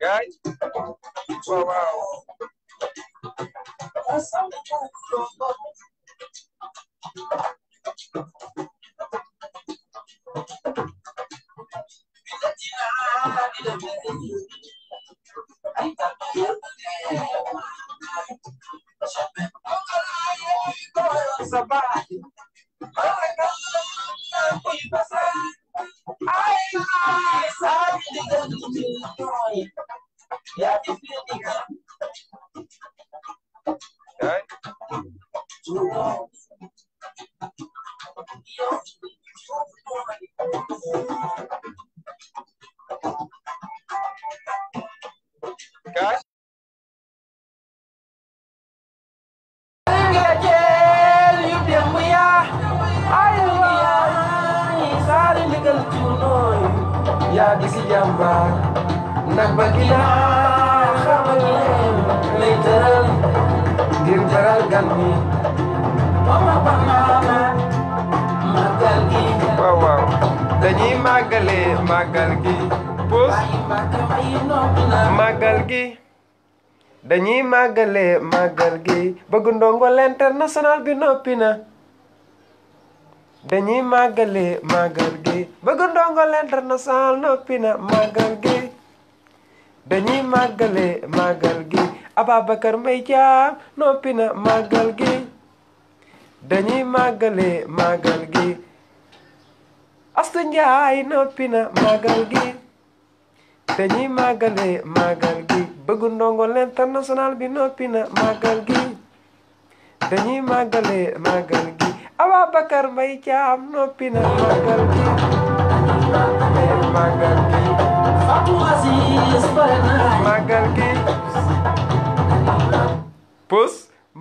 Guys, wow, wow. national bi noppi na dañuy màggale màggal gi bëgg ndongole international noppi na màggal gi dañuy màggale màggal gi Ababacar Mbay Caam noppi na màggal gi dañuy màggale màggal gi Astu Njaay noppi na màggal gi dañuy màggale màggal gi bëgg ndongole international bi noppi na màggal gi dañuy màggalee màggal gi Ababacar Mbaye Thiam noppi na màggal gi gi Fatou Aziz gi pos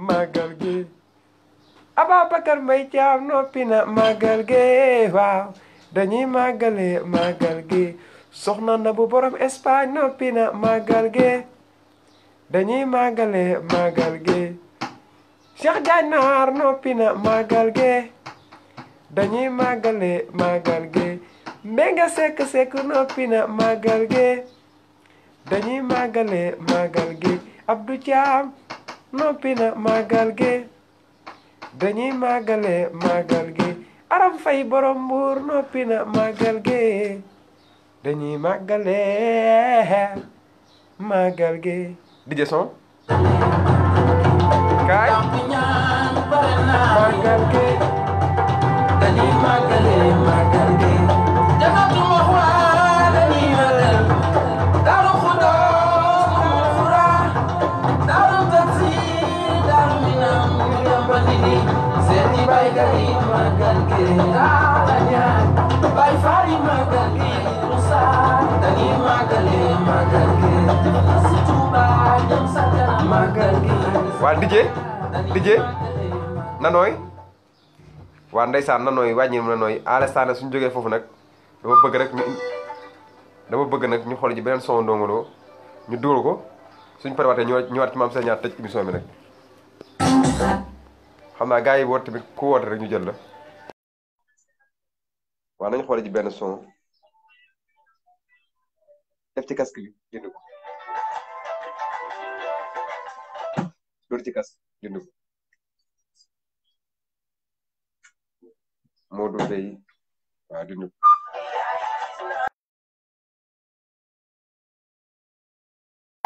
màggal gi Ababacar Mbaye Thiam noppi gi dañuy màggalee màggal gi soxna na bu borom Espagne noppi na màggal gi dañuy màggalee màggal gi Cheikh janaar noppi na màggal ge dañuy màggale màggal ge Mbengue Seck Seck noppi na màggal ge dañuy màggale màggal ge du Thiam noppi na màggal ge dañuy màggale màggal ge Aram Fay borom Mbuur noppi na màggal ge dañuy màggale màggal ge di jëson kaay màggal gi dañuy màggale dijee dijee nanooy waa ndeysaan nanooy wàññi nanooy alestaan suñ jógee foofu nag dama bëgg rek bëgg nag ñu xool ji beneen son Ndongo ñu dugal ko suñ parewaatee ñu ñëwaat ci maam seen ñaar tëj émission bi nag xam naa gaa yi woote tamit ku woote rek ñu jël la waa nañ xool ji benn son def ci casque bi jënd ko Dortikas di dugg Modou Bey waaw di dugg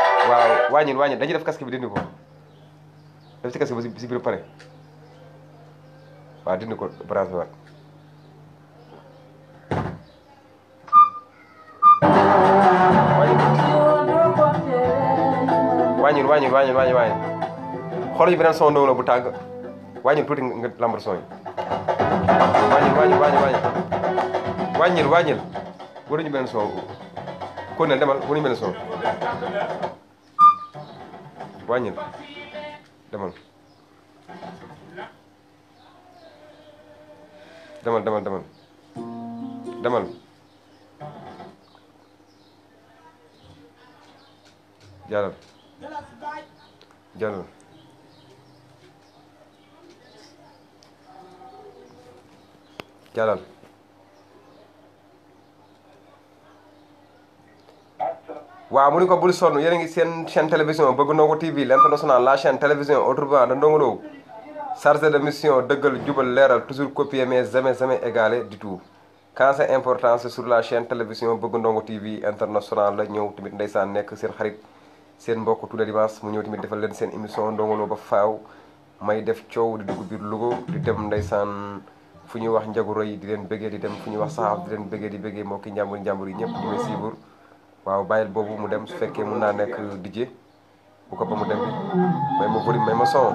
waaw wàññil wàññil dañuy def casque bi dindi ko def ci casque bi si biir pare waaw dindi ko branche bi waat wàññil wàññil xool yi beneen son doow la bu tàng wàññil tuuti nga lambar son yi wàññil wàññil wàññil wàññil wàññil wàññil waruñu beneen son kon nag demal waruñu beneen son wàññil demal demal demal demal jalan waaw mu ni ko bul sonn yéen a ngi seen chaîne télévision bëgg ndongo TV l'international la chaîne télévision autrement de Ndongo Lo chargé de mission dëggal jubal leeral toujours copier mais jamais jamais égalé du tout quand c'est sur la chaîne télévision bëgg ndongo TV international la ñëw tamit ndeysaan nekk seen xarit seen mbokk tous les dimanches mu ñëw tamit defal leen seen émission Ndongo Lo ba faaw may def coow di dugg biir Louga fu ñuy wax njagu roy di leen bëggee di dem fu ñu wax saxaaf di leen bëggee di bëggee moo ki njàmbur njàmbur ñëpp ñu ngi siibur waaw bàyyil boobu mu dem su fekkee mun naa nekk DJ bu ko ba mu dem may ma volume may ma son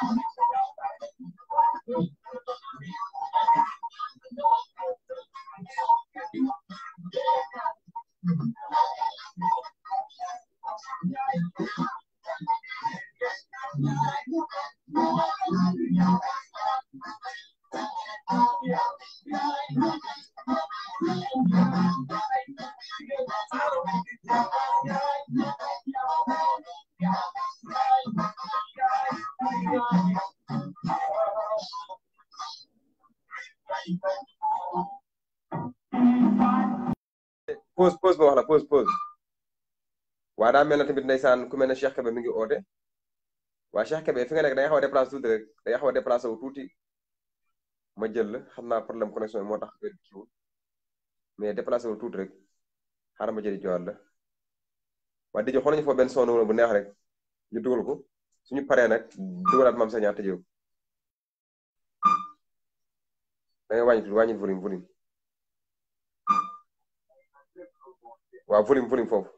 I'm mel tamit ndaysan ku melni Cheikh Kébé mi ngi oote wa Cheikh Kébé fi nga nek da nga xaw déplacer tout rek da nga xaw déplacer déplacé wu tuuti ma jël xamna problème connexion bi moo tax affaire bi mais déplacer wu tuuti rek xaaral ma jëli jowaat la wa di jo xool nañu foofu benn sonn bu neex rek ñu dugal ko suñu paré nak dugalaat mam sa ñaar tëjee da nga wañu wañu volume volume wa volume volume fofu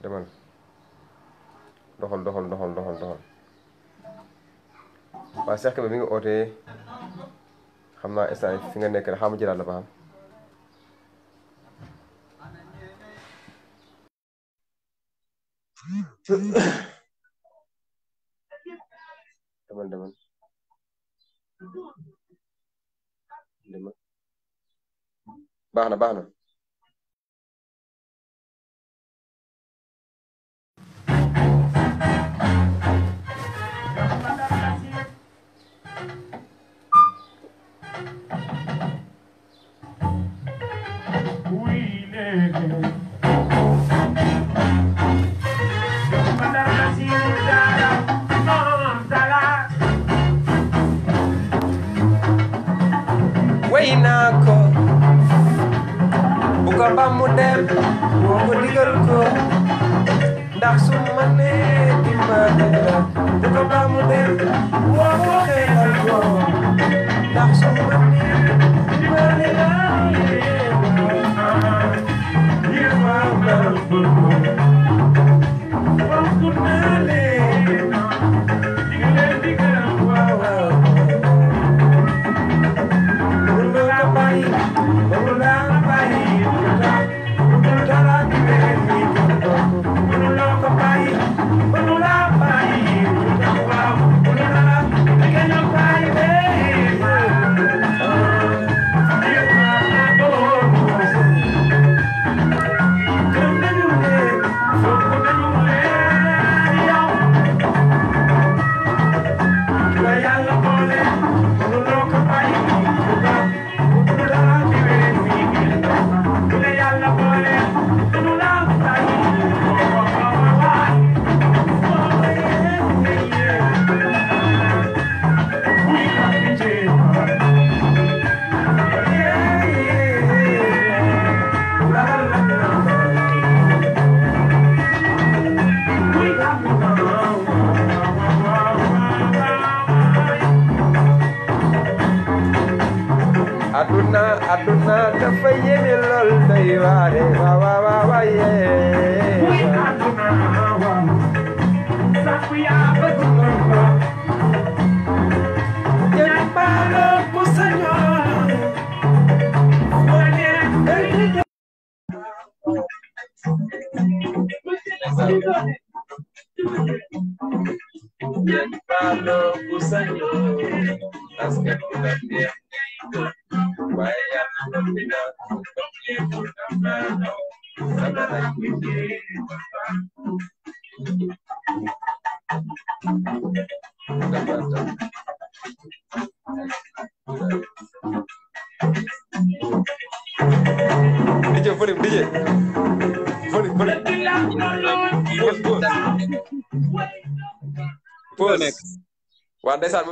demal doxal doxal doxal doxal doxal waaye Cheikh Kébé mi ngi ootee xam naa instant fi nga nekk rek xaama jëlaat la ba xam demal demal baax na baax na We live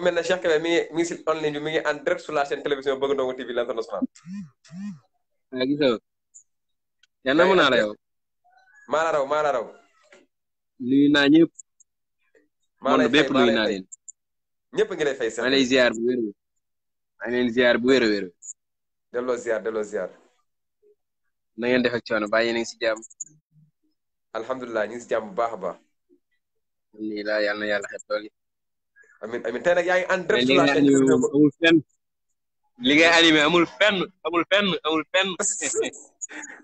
mel ne Cheikh Kébé mi mi ci gitu. si online mi ngi en direct sur la chaîne télévision Bëgg Ndongo TV l'international. waaw gis nga. yàlla na mo na la yow. maa la raw ma la raw. nuyu na ñepp ma la bëpp bépp na naa leen. ñëpp ngi lay fay sa maa lay ziar bu wér wér. maa leen ziar bu wér wér. delo ziar delo ziar. na ngeen def ak ciono bàyyi yéen ci jamm si jàmm. ci jamm bu baax ba ni la yalla yalla yàlla xet lool amin amin tey nag yaa ngi en la amul fenn li ngay animé amul fenn amul fenn amul fenn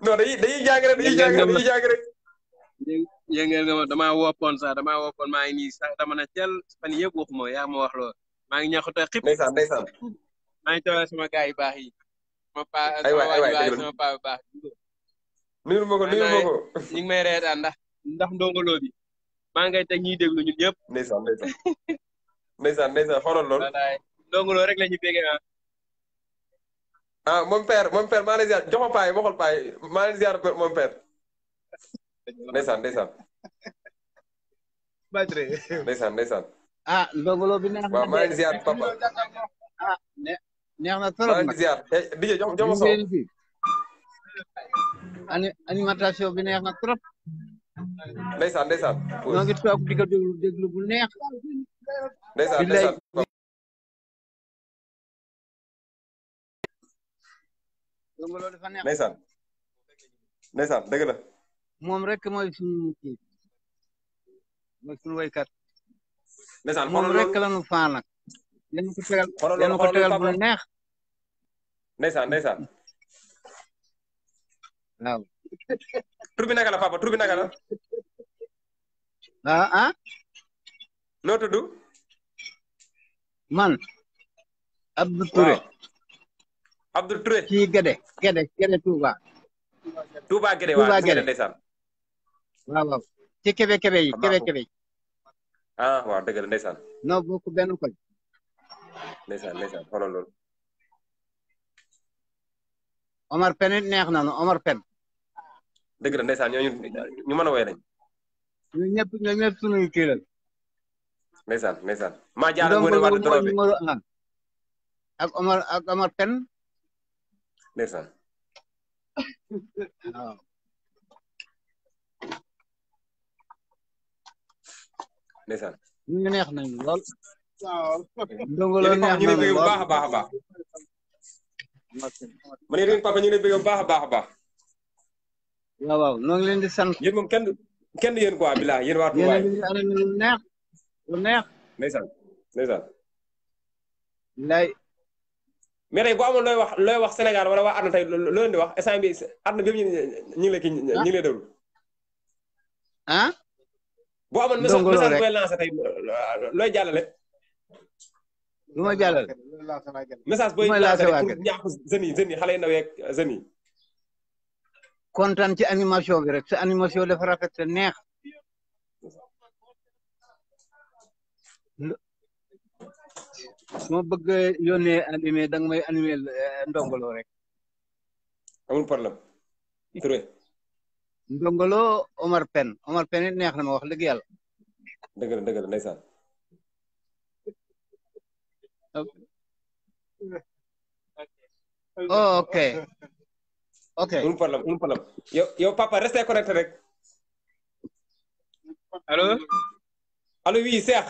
non dañuy dañuy jàng rek dañuy jàng rek dañuy jàng rek yëngal nga ngi dama cel fan yëpp waxuma ya, ma wax loolu maa ngi ñàkk te xib ndeysaan ndeysaan ngi tawal sama gars yu baax yi sama paa sama waay sama paa baax nuyul ma ko nuyul ma may ndeysaan ndeysaan xoolal lool. ndongo loolu rek la ñu béggee ah. ah moom père moom père maa ngi lay ziar jox ko paay waxal paay maa ngi lay ziar <laughs> ah, bi neex na. waaw maa ngi ah, trop. maa ngi ziar di jox déglu bu neex. Nesa, Nesa. donc loolu dafa neex. ndeysaan Nesa, Nesa, la. moom rek mooy suñu kii mooy suñu Nesa, ndeysaan moom rek la ñu faa nag. dañu ko tegal dañu ko tegal bu neex. ndeysaan ndeysaan. waaw. tur bi naka la papa tur naka la. ah ah. noo tudd. man. Abdou Touré waaw Abdou Touré. Gede Gede Gede Touba. Touba Gede waaw Gede ndeysaan. waaw waaw ci kebe kebe yi kebe kebe yi. ah waaw dëgg la ndeysaan. non bokk koñ. ndeysaan ndeysaan xoolal loolu. Omar Pen it nu Omar Pen. dëgg la ndeysaan ñooñu ñu mën a ndeysaan ndeysaan maa jaara ngoone wadd trop numéro un ak Omar ak Omar ken ndeysaan waaw ndeysaan ñu neex nañu lool ndongo lool neex nañu bah baax a baax a baax ma ne leen papa ñu ne bu baax baax baax waaw waaw ngi leen di sant yéen moom kenn kenn yéen quoi bilaay yéen lu neex. ndeysaan ndeysaan. nday. mais tey boo amoon looy wax looy wax Sénégal wala waa àdduna tey loo leen di wax instant bi àdduna bi ñu ngi lay kii ñu ngi ah? amoon message message booy tey looy jàllale. numa ma jàllale. message booy lancé pour ñaax jeunes yi jeunes yi xale yu ndaw yeeg jeunes ci animation bi rek sa animation neex. su bëgg yónnee animé danga may animé eh, ndongolo rek. amul Omar Pen Omar Pen it neex na ma wax dëgg yàlla. dëgg la dëgg la ndeysaan. Oh, ok. ok amul problème amul problème yow yow papa restez connecté rek. allo. allo oui Cheikh.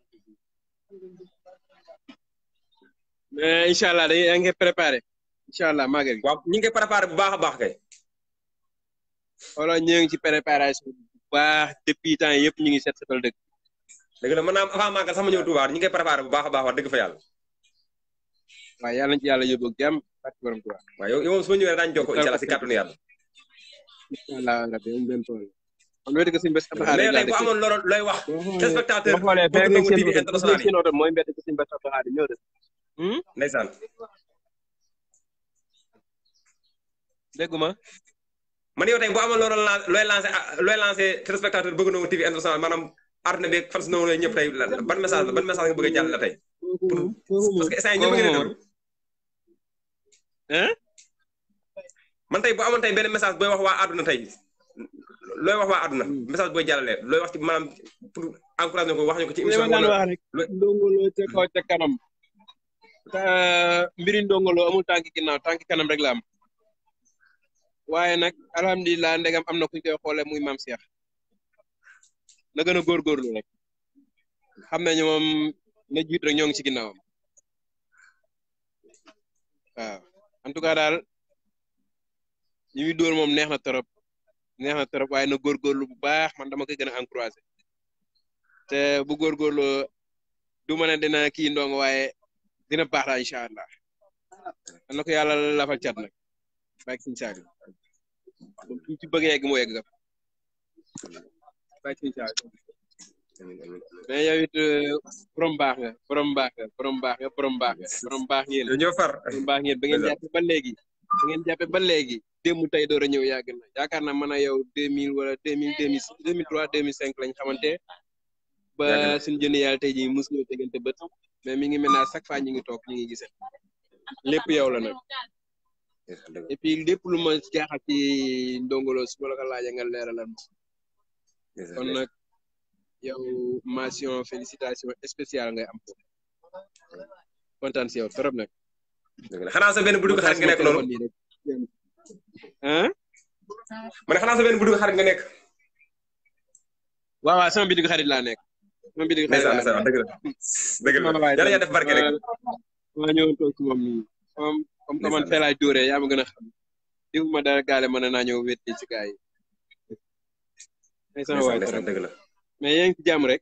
mais eh, incha allah dañuy da ngeen préparé incha allah magal gi. waaw ñu ngi koy préparé bu baax bah baax kay. wala ñu ngi ci préparation bu baax depuis temps yëpp ñu ngi set setal dëkk. dëgg la mën naa avant magal sax ma Touba ñu ngi préparé bu baax baax fa ci ak borom Touba. yow yow rabbi on wéete ko suñu bés Abdou Khadre léeg-léeg bu amoon mm-hmm. boo xoolee TV international yi noonu mooy mbedd ko suñu bés Abdou Khadre ñëw de hmm? ndeysaan dégguma man yow tey bu amoon loroon lan looy lancé ah, looy lancé téléspectateur bëgg na TV international maanaam arna beeg fans na ñëpp tey ban message ban message nga bëgg a jàll la tey parce que instant ñëpp ngeen déglu hein man tey bu amoon tey benn message booy wax waa àdduna tey looy wax waa àdduna message booy jàllale looy wax ci maanaam pour encouragé ko wax ñu ci émission. wala wax rek Ndongo Lo ca kaw kanam. mbiri Ndongo amul tànki ginnaaw tànki kanam rek la am. waaye nag alhamdulilah ndegam am na ku ñu koy xoolee muy maam Cheikh. na gën a góorgóorlu rek. xam na moom na jiit rek ñoo ngi ci ginnaawam. waaw en tout cas daal li muy dóor moom neex na trop. neex na trop waaye na góorgóorlu bu baax man dama koy encourager té bu gor bu lu du mëna dina ki ndong waye dina baax inshallah incha allah yalla la fa chat nak bay ci chat bi fi ci bëgg yegg mo yegg nga bàyyi siñ saag mais yow lagi. Euh, baax nga baax nga baax nga baax nga baax far from baax ba ngeen ba ngeen jappé ba légui demu tay do a ñëw yàgg na yaakaar na man yow 2000 wala 2000 mille deux mille lañ xamanté ba suñ jënd yàlla tey jii mos ñoo tegante bët mais mi ngi mëna chaque fois ñi ngi tok ñi ngi gisé lépp yow la nak et puis lépp lu ma jaaxal ci ndongolo su wala la nga leeralal ma kon nak yow mention félicitations spéciale ngay am kontaan ci yow torop nak dëgg la xanaa sa benn budug xarit nga nekk noonu. ma ne xanaa sa benn budug xarit nga nekk. waaw waaw sama budug xarit laa nekk. sama budug xarit laa nekk dëgg la dëgg la yàlla def barke rek. maa ñëwoon toog ci moom nii. comme que man fee laay ma gën a xam. diw ma dara gaale mën naa ñëw wétti ci gars yi. la mais yaa rek.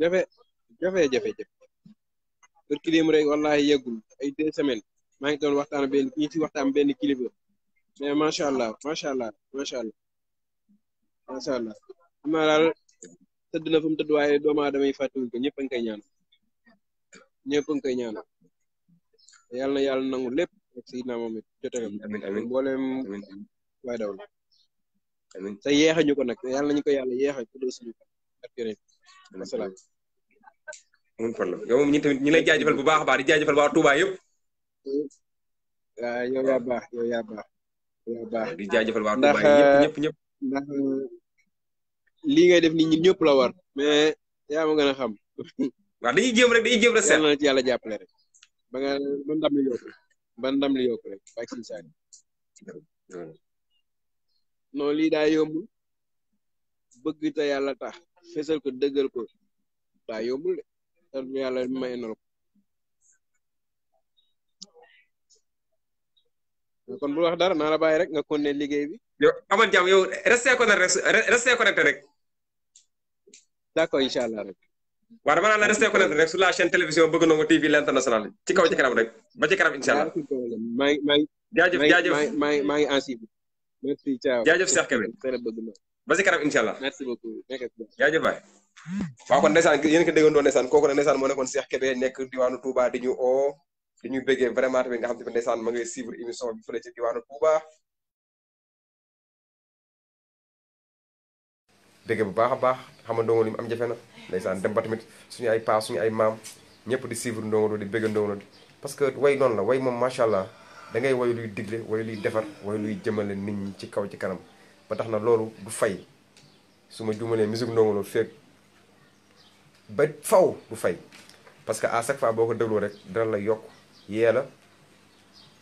jafe jafe-jafe për kilim rek wallahi yeggul ay deux semaines maa ngi doon waxtaan benn ñi ci waxtaan benn kilifa mais macha allah macha allah macha allah macha allah xam naa daal tëdd na fu mu tëdd waaye doomu aadama yi fàttewuñ ko ñëpp a koy ñaan ñëpp koy ñaan yàlla yàlla nangu lépp ak Seydina Mohamed joteekam. amiin amiin mboolem waaye daw la. amiin te yeexañu ko nag yàlla nañu ko yàlla yeexañ salaam amul problème yow moom ñun tamit ñu lay jaajëfal bu baax baax di jaajëfal waa Touba ya, yëpp. Ya, yow yaa baax yow yaa ya, baax. yow baax di jaajëfal waa Touba yëpp ñëpp ñëpp. ndax ngay def nii ñun ñëpp la war mais yaa ma gën xam. waaw dañuy jéem rek dañuy jéem rek seet. ci rek. ba nga ba ndam li ba ndam li rek yomb bëgg tax. fésal ko dëggal ko daa yóbbul de tar yàlla may na la kon wax dara naa la bàyyi rek nga continuer liggéey bi yow amal jàmm yow resté connecté resté rek d'accord rek waaw dama naan la resté connecté rek sur la chaîne Bëgg Ndongo TV l'international ci kaw ci kanam rek ba ci kanam incha allah maa ngi maa ngi jaajëf jaajëf maa ngi maa ngi merci ciao jaajëf ba si kanam incha allah. merci beaucoup. jaajëf waay. waaw kon ndeysaan yéen a ko déggandoo ndeysaan kooku nag ndeysaan moo nekkoon Cheikh Kébé nekk diwaanu Touba di ñu oo di ñu bëggee vraiment tamit nga xam te ne ndeysaan ma ngay suivre émission bi fële ci bu baax a baax xam nga Ndongo li mu am jafe na ndeysaan dem ba suñu ay paa suñu ay maam ñëpp di suivre Ndongo Lo di bëgg Ndongo Lo parce que way noonu la way moom macha allah dangay ngay way luy digle way luy defar way luy jëmale nit ñi ci kaw ci kanam. ba taxna na du fay suma djumale musique Ndongo Lo feeg ba faw du fay parce que à chaque fois boko deglu rek dara la yok yela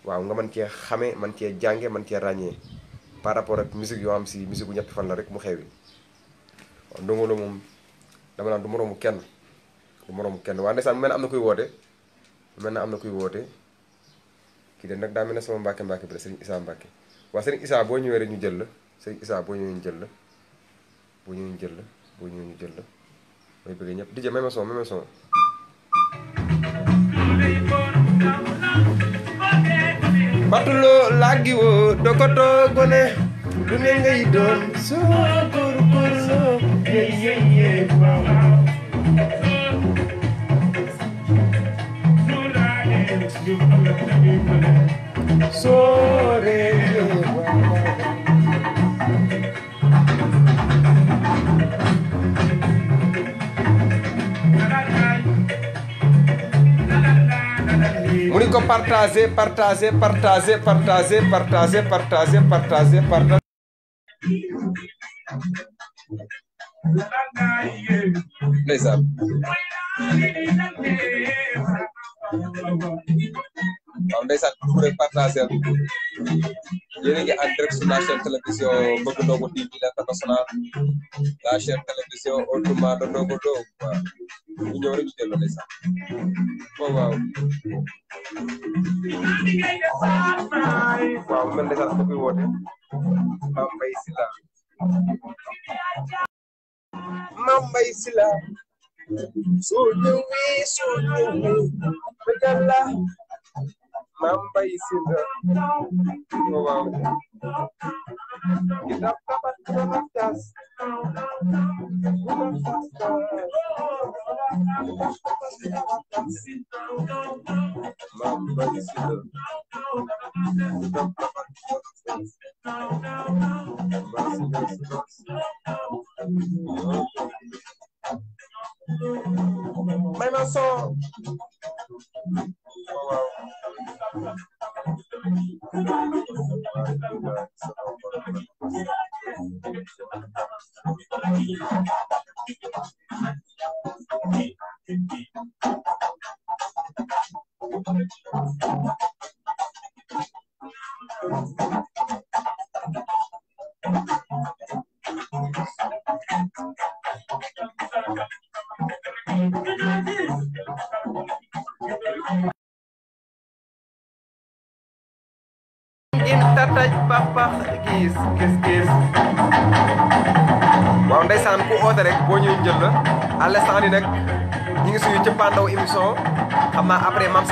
waaw nga man ci xamé man ci jangé man ci ragné par rapport ak musique yo am si musique bu ñetti fan la rek mu xewi waaw Ndongo Lo moom dama naan du moromu kenn du moromu kenn waaye ndeysaan mel amna kuy woté mel amna kuy woté ki de nak da mel sama mbàkke mbàkke bi Serigne isa Mbàkke wa Serigne isa bo ñu wéré ñu jël la sëñ isa boo ñëwee ñu jël la boo ñu jël la boo ñu jël la may bëgg ñëpp di jë may ma son may ma son batulo laggi wo dogoto gone dune ngay doon so koru koru so yey yey yey waaw Sore yo mu ni ko partager partager partager partager partager partager partager partager waaw ndeysaan dugg rek partagé yéen a ngi en direct la chaîne télévision bëgg Ndongo TV l'international la chaîne télévision autrement de Ndongo Lo waaw ñu ñëw rek ñu dellu ndeysaan waaw oh, waaw waaw man ndeysaan ma koy woote Mame Mbaye Sylla Mame Mbaye Sylla soo ñëwee soo ñëwee bëgg la mamba e ngowam kitap tapat nafas mamba isinda kitap tapat nafas mamba isinda mas não só I'm going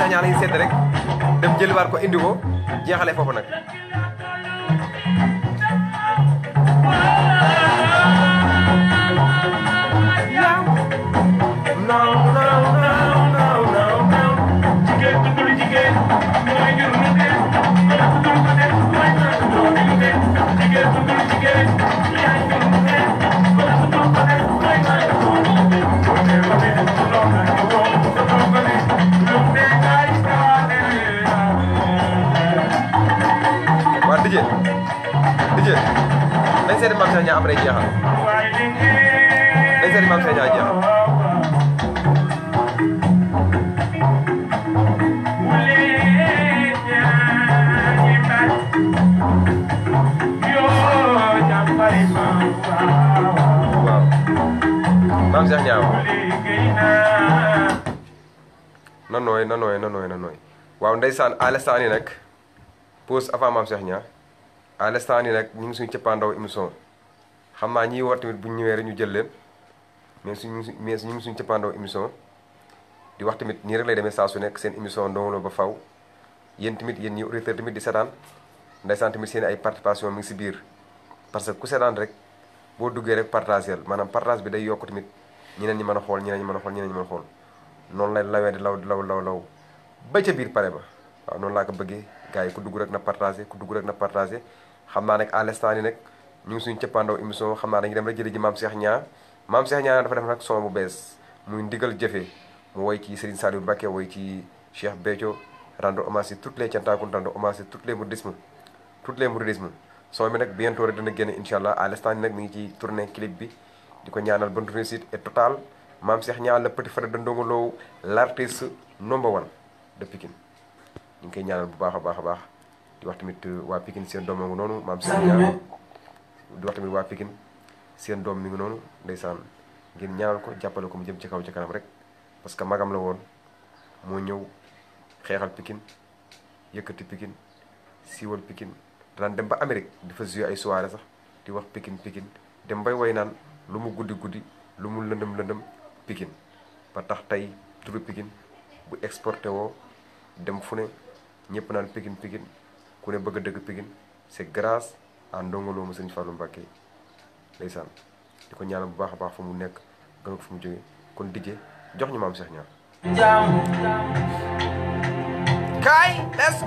ñaa ñaa lañu sedd rek dem jëliwaat ko indi ko jeexale foofu nag mam sa ñaa Ini jeexal day sëriñ mam sa ñaa jeexal Mam Cheikh Niang na nooy na nooy Wow, nooy na nooy waaw ndeysaan à l'instant Mam Cheikh Niang xam naa ñiy war tamit bu ñu ñëwee rek ñu jël leen mais suñu ñu ngi suñu cëppaandoo émission di wax tamit nii rek lay demee saa nekk seen émission Ndongo Lo ba faw yéen tamit yéen ñi auditeur tamit di seetaan ndaysaan tamit seen ay participation mi ngi si biir parce que ku seetaan rek boo duggee rek partagel maanaam partage bi day yokk tamit ñeneen ñi mën a xool ñeneen ñi mën a xool ñeneen ñi mën a xool noonu lay lawee di law di law law law ba ca biir pare ba waaw noonu laa ko bëggee gars yi ku dugg rek na partagé ku dugg rek na partagé xam naa nag à l'instant ñu ngi suñu cappaandaw émission xam naa dañuy dem rek jëli ji maam Cheikh Niang maam Cheikh Niang dafa def nag son bu bees muy ndigal jëfe mu woy ci Serigne Saliou Mbacké woy ci Cheikh Béthio rendre hommage ci toutes les cantakoun rendre hommage ci toutes les mouridisme toutes les mouridisme son bi nag bientôt rek dana génn incha allah à l'instant bi nag mi ngi ci tourné clip bi di ko ñaanal bonne réussite et totale maam Cheikh Niang le petit frère de Ndongo Lo l'artiste number one de Pikine ñu ngi koy ñaanal bu baax a baax a baax di wax tamit euh, waa Pikine seen doomangu noonu maam Cheikh Niang di wax tamit wa Pikine seen dom mi ngi noonu ndeysaan ngeen ñaanal ko jàppale ko mu jëm ci kaw ci kanam rek parce que magam la won mo ñew xéxal Pikine yëkëti Pikine siwol Pikine dem ba amerique di fa jouer ay soirée sax di wax Pikine Pikine dem bay way nan lu mu guddi guddi lu mu lendem lendem Pikine ba tax tay turu Pikine bu exporté wo dem fune ñepp nan Pikine Pikine ku ne bëgg dëgg Pikine c'est grâce ah ndongoloo mu sëñ Fallou Mbacké ndeysaan di ko ñaanal bu baax a baax fu mu nekk gën ko fu mu jógee kon dijje jox ñu maam Cheikh ñaan njaamu kaay let's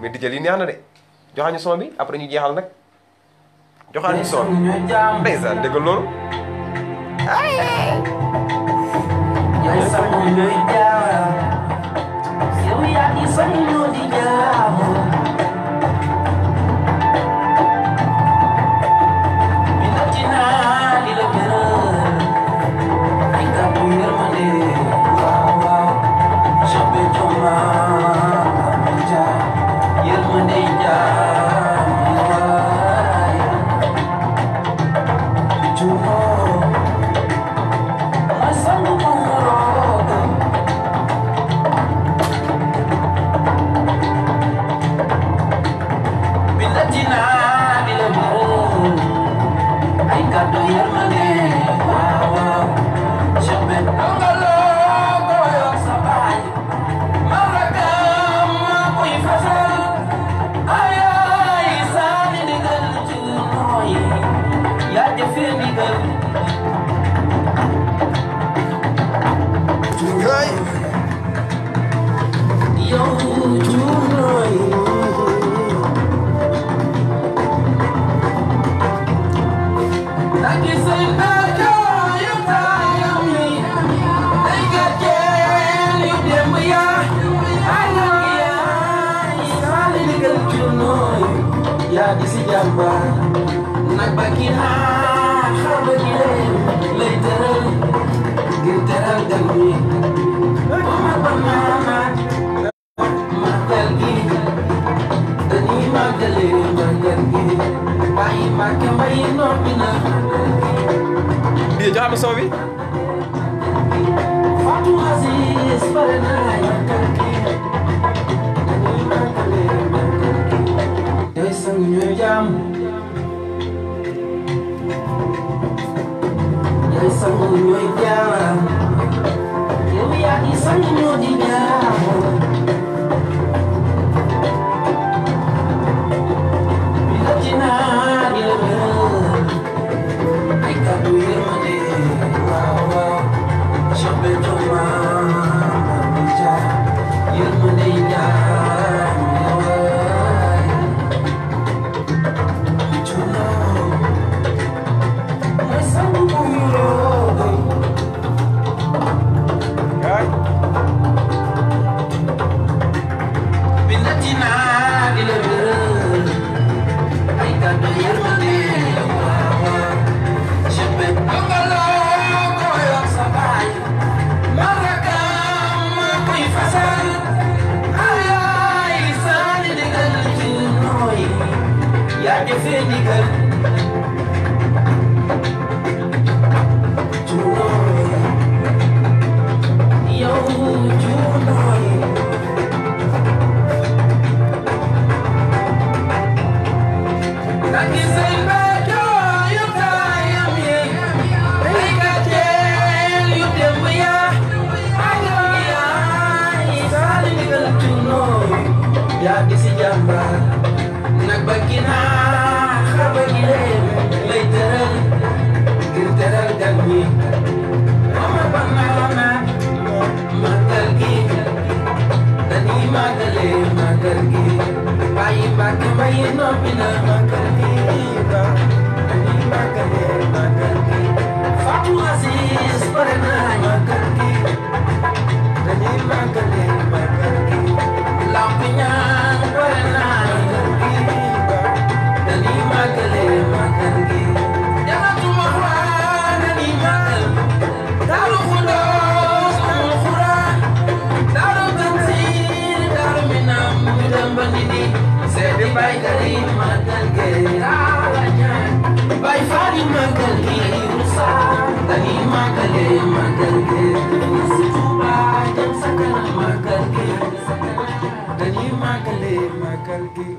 mais dijjal yi neex na de joxaañu son bi après ñu jeexal nag joxaañu son bi ndeysaan dégg loolu ay Essa mulher é Isang mo di niya Sindical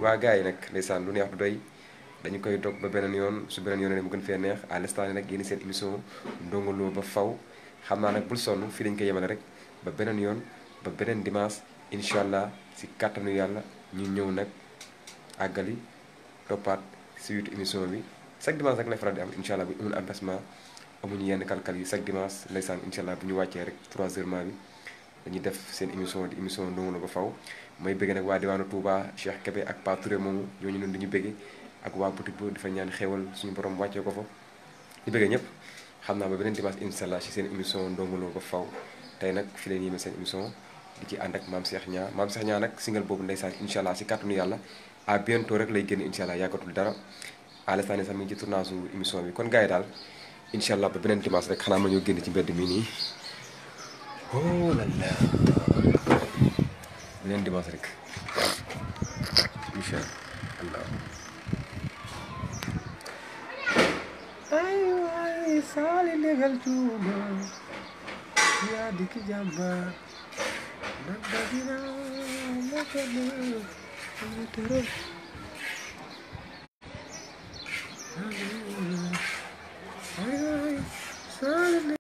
waa gars yi nag ndeysaan lu neex du doy dañu koy dog ba beneen yoon su beneen yoon ne mu gën fee neex à l'instant ni nag yéen seen émission Ndongo ba faw xam naa nag bul sonn fii dañ koy yemale rek ba beneen yoon ba beneen dimanche incha allah si kàttanu yàlla ñu ñëw nag àggali toppaat si wiitu émission bi chaque dimanche rek lay faral di am incha allah bu amul emplacement amuñu yenn kalkal yi chaque dimanche ndeysaan incha allah bu ñu wàccee rek 3 heures bi dañuy def seen émission di émission Ndongo Lo ba faw mooy bëgg nag waa diwaanu Touba Cheikh Kébé ak Pa Touré moomu ñooñu noonu dañu bëgg ak waa boutique ba dafa ñaan xewal suñu borom wàccee ko fa ñu bëggee ñëpp xam naa ba beneen dimanche incha allah seen émission Ndongo Lo ba faw tey nag fi leen yéeme seen émission di ci ànd ak maam Cheikh Niang maam Cheikh Niang nag single boobu ndeysaan incha allah si kàttanu yàlla à bientôt rek lay génn incha allah dara à l'instant émission bi kon gars yi daal incha allah ba beneen dimanche rek xanaa ma ñoo génn ci mbedd mi nii oh la la beneen dimanche rek incha allah ay waay saali negal tuuba yaa dikki jàmbaar nagba dina mokana mutara Thank you. Bye guys. Sorry.